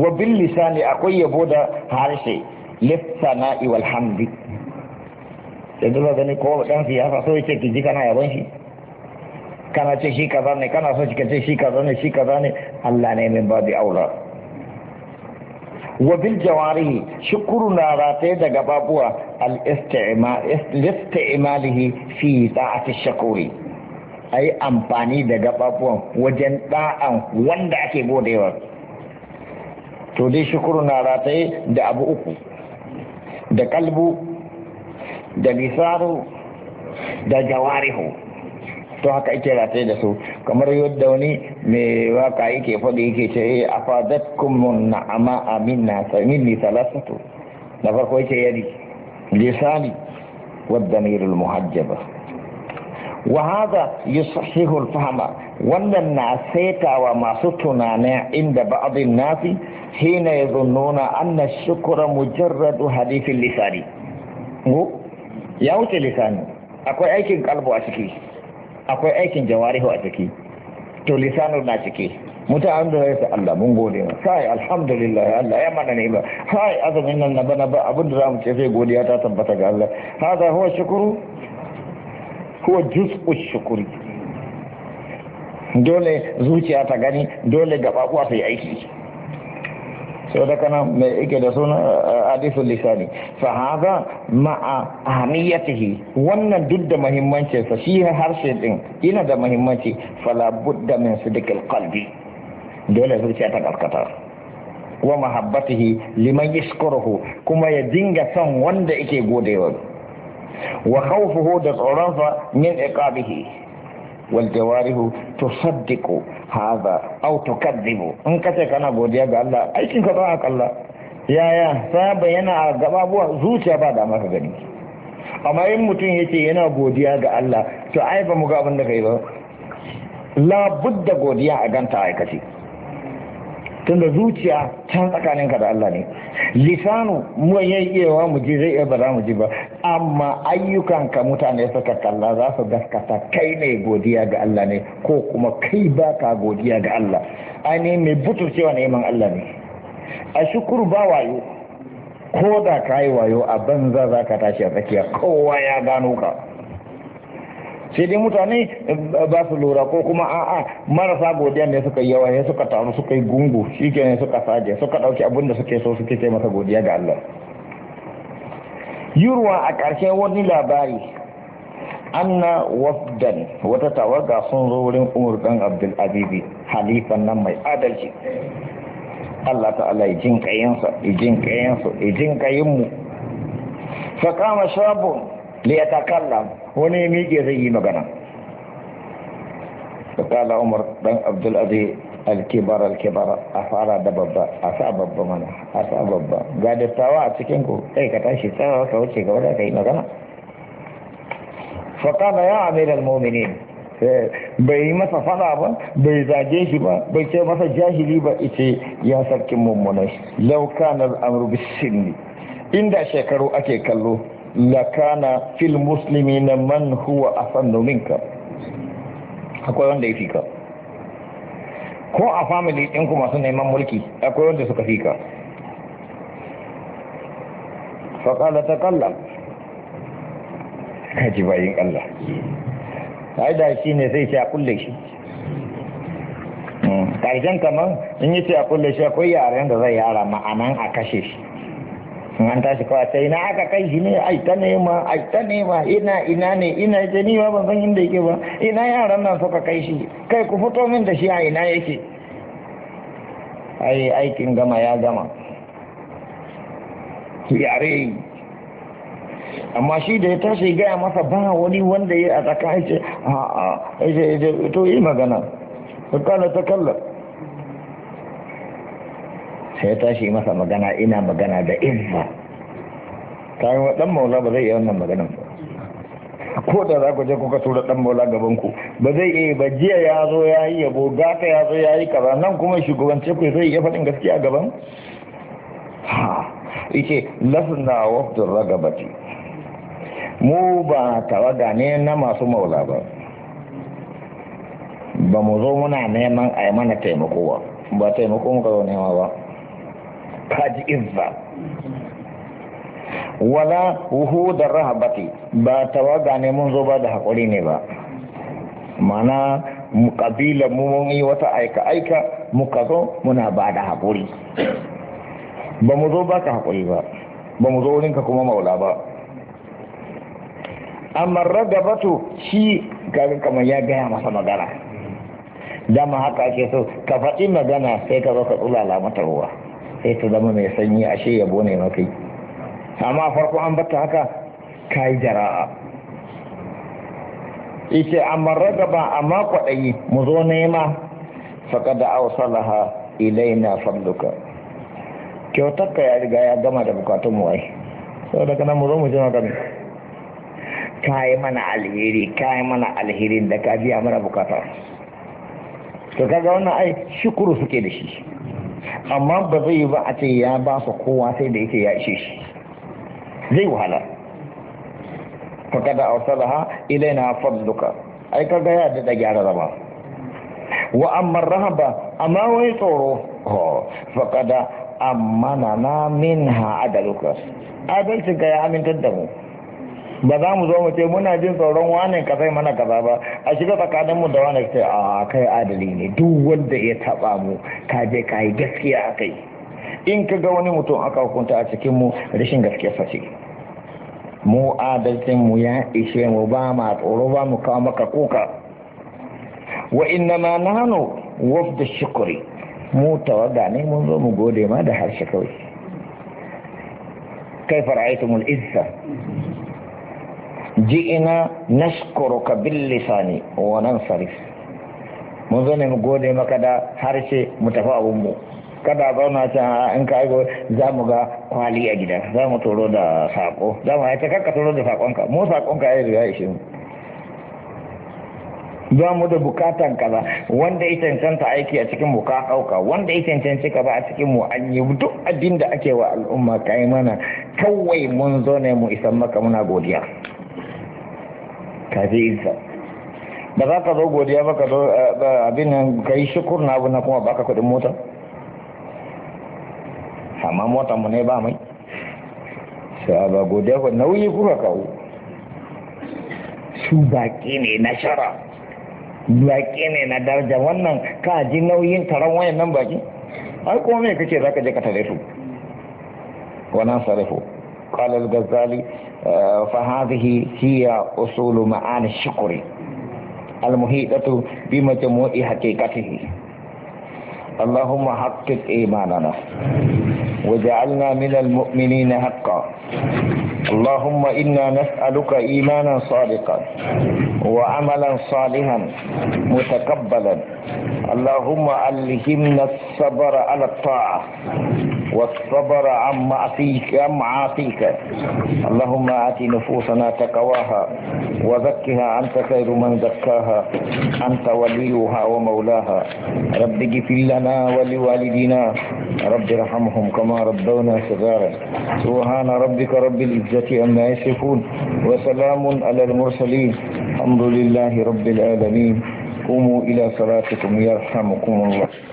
wa bil lisani akwai yabo da harshe lissana'i wal hamdi yanzu ba gani ko dan siyasa so yake ki kana yabon shi kana ce shi kaza ne kana so kika ce shi kaza ne shi kaza ne Allah ne min babu aula wa bil jawarihi shukuru na rataye daga babuwa al-istimalihi fi da'ati shakuri ayi amfani da gababuwan wajen da'an wanda ake godewa to dai shukuru na rataye da abu uku da kalbu da lisaru da jawarihu to haka ake rataye da su kamar yadda wani mai waka yake faɗi yake ce eh, a fadat kumun na'ama amin na samin ni salasatu na farko yake yari lisani wadda mirul muhajjaba wa haza yusahihu fahma wannan na saitawa masu tunanin inda ba'dhin nasi hina yazunnuna anna shukra mujarradu hadithin lisani ya wuce lisani akwai aikin kalbu a ciki akwai aikin jawarihu a ciki to lisanu na ciki mutum an da yasa Allah mun gode ma sai alhamdulillah Allah ya mana ne ba sai azumin nan na bana ba abin da zamu ce sai godiya ta tabbata ga Allah hada huwa shukuru huwa juz'u shukuri dole zuciya ta gani dole gababuwa ta yi aiki sau da kana mai ike da suna eh, eh, hadisun lisani fahaza ma'a ahamiyyatihi wannan duk da mahimmancinsa shi harshe din yana da mahimmanci fala budda min sidqil qalbi dole zuciya ta karkata wa mahabbatihi liman yashkuruhu kuma ya dinga son wanda yake godewa wa khawfuhu da tsoronsa min iqabihi waljawarihu tusaddiqu hadha aw tukadhibu in kace kana godiya ga Allah aikin kin ka ba Allah Yaya ya sa bayyana a gaba buwa zuciya ba da maka gani amma in mutum yace yana godiya ga Allah to ai ba mu ga abin da kai ba la budda godiya a ganta aikace. tunda zuciya can tsakaninka da Allah ne lisanu mu yayi iyawa mu ji zai iya ba za mu ji ba amma ayyukanka mutane suka kalla za su gaskata kai ne godiya ga Allah ne ko kuma kai ba ka godiya ga Allah ainihin mai na neman Allah ne a shukuru ba wayo ko da ka yi wayo a banza za ka tashi a tsakiya kowa ya gano ka sai dai mutane ba su lura ko kuma a'a marasa godiya ne suka yawa ne suka taru suka yi gungu shi ne suka saje suka ɗauki abin da suke so suke kai masa godiya ga Allah yurwa a ƙarshe wani labari anna wafdan wata tawaga sun zo wurin umar dan abdul azizi halifan nan mai adalci Allah ta'ala ya jin kayansa ya jin kayansa jin kayinmu fa kama shabun liyatakallam wani miƙe zai yi magana فقال عمر بن عبد العزيز الكبار الكبار أفعل دبابا أسا بابا منا أسا بابا قاعد التواء تكينكو أي كتاشي سوا كوتشي كولا كي مغنى فقال ya أمير المؤمنين bai masa fada ba bai zage shi ba bai ce masa jahili ba ita ya sarkin mummunai lau kana al'amru inda shekaru ake kallo lakana fil muslimi na man huwa asannu minka akwai wanda ya fi ka. ko a family ɗinku masu neman mulki akwai wanda suka fi ka. faƙala ta kalla kaji bayin ƙalla. ai da shi ne sai ce a kulle shi ƙarshen hmm. kamar in yi ce a kulle shi akwai yaren da zai yara ma'anan a kashe shi an tashi kawai sai na aka kai shi ne ai ta nema ai ta nema ina ina ne ina ce ni ba ban san inda yake ba ina yaran nan suka kai shi kai ku fito min da shi a ina yake ai aikin gama ya gama yare amma shi da ya tashi gaya masa ba wani wanda ya a tsakanin ce a a to yi magana ta kala ta kalla. sai tashi masa magana ina magana da izza wa ɗan maula ba zai iya wannan maganan ba ko da za ku je kuka tura ɗan maula gaban ku ba zai iya ba jiya ya zo ya yi yabo gata ya zo ya yi kaza nan kuma shugabance ku zai iya faɗin gaskiya gaban ha yake lasna wafdur ragabati mu ba tawaga ne na masu maula ba ba mu zo muna neman a yi mana taimako ba ba taimako muka zo nema ba kaji izza wala wuhu da rahabati ba tawaga gane mun zo ba da haƙuri ne ba mana kabila mu yi wata aika-aika muka zo muna ba da haƙuri ba mu zo ba ka haƙuri ba ba mu zo wurinka kuma maula ba amma ragabatu shi gari kamar ya gaya masa magana dama haka ake so ka faɗi magana sai ka zo ka tsulala mata ruwa sai ta zama mai sanyi ashe yabo ne mafi amma farko an bata haka ka yi jara'a ishe amma ragaba amma kwaɗayi mu zo nema faka da ausalaha ilaina kyautar ka ya riga ya gama da bukatun mu wai sau daga nan mu zo mu ji magana ka yi mana alheri ka yi mana alherin da ka biya mana bukata to kaga wannan ai shukuru suke da shi amma ba zai yi ba a ce ya ba su kowa sai da yake ya ishe shi zai wahala fakada arsalaha ilaina duka ai kaga ya da gyara zama wa amma rahaba amma wai tsoro oh, fakada ammanana minha adaluka adalci ga ya amintar da mu ba za mu zo mu ce muna jin tsoron wane ka sai mana kaza ba a shiga tsakanin mu da wane ce a kai adali ne duk wanda ya taba mu ka je ka yi gaskiya a kai in ka ga wani mutum aka hukunta a cikin mu rashin gaskiya sa mu adalcin mu ya ishe mu ba ma tsoro ba mu kawo maka kuka wa inna ma nahnu da shukuri. mu tawaga ne mun zo mu gode ma da harshe kawai kai fara'aitumul izza ji'ina nashkuruka bil lisani wa nansarif mun zo ne mu gode maka da harshe mu tafi abun mu kada zauna can in ka aiko za mu ga kwali a gida za mu toro da sako za mu haita kakka toro da sakonka mu sakonka ya riga ishe mu za mu da bukatan kaza wanda ya cancanta aiki a cikin mu ka ɗauka wanda ya cancanci ka ba a cikin mu an yi duk abin da ake wa al'umma ka yi mana kawai mun zo ne mu isan maka muna godiya isa ba za ka zo godiya ba ka zo eh, abin ka yi shukur na abin kuma baka kudin mota amma mota mu ne ba mai sai ba godiya ba nauyi kuka kawo su baki ne na shara baki ne na daraja wannan ka ji nauyin taron wayan nan baki ai kuma me kake ka je ka tare su wannan sarrafo qala al آه، فهذه هي أصول معاني الشكر المحيطة بمجموع حقيقته اللهم حقق إيماننا وجعلنا من المؤمنين حقا اللهم إنا نسألك إيمانا صادقا وعملا صالحا متقبلا اللهم ألهمنا الصبر على الطاعة والصبر عن معصيك عن معاصيك اللهم آت نفوسنا تقواها وزكها أنت خير من زكاها أنت وليها ومولاها رب اغفر لنا ولوالدينا رب ارحمهم كما ربونا صغارا سبحان ربك رب العزة عما يصفون وسلام على المرسلين الحمد لله رب العالمين قوموا إلى صلاتكم يرحمكم الله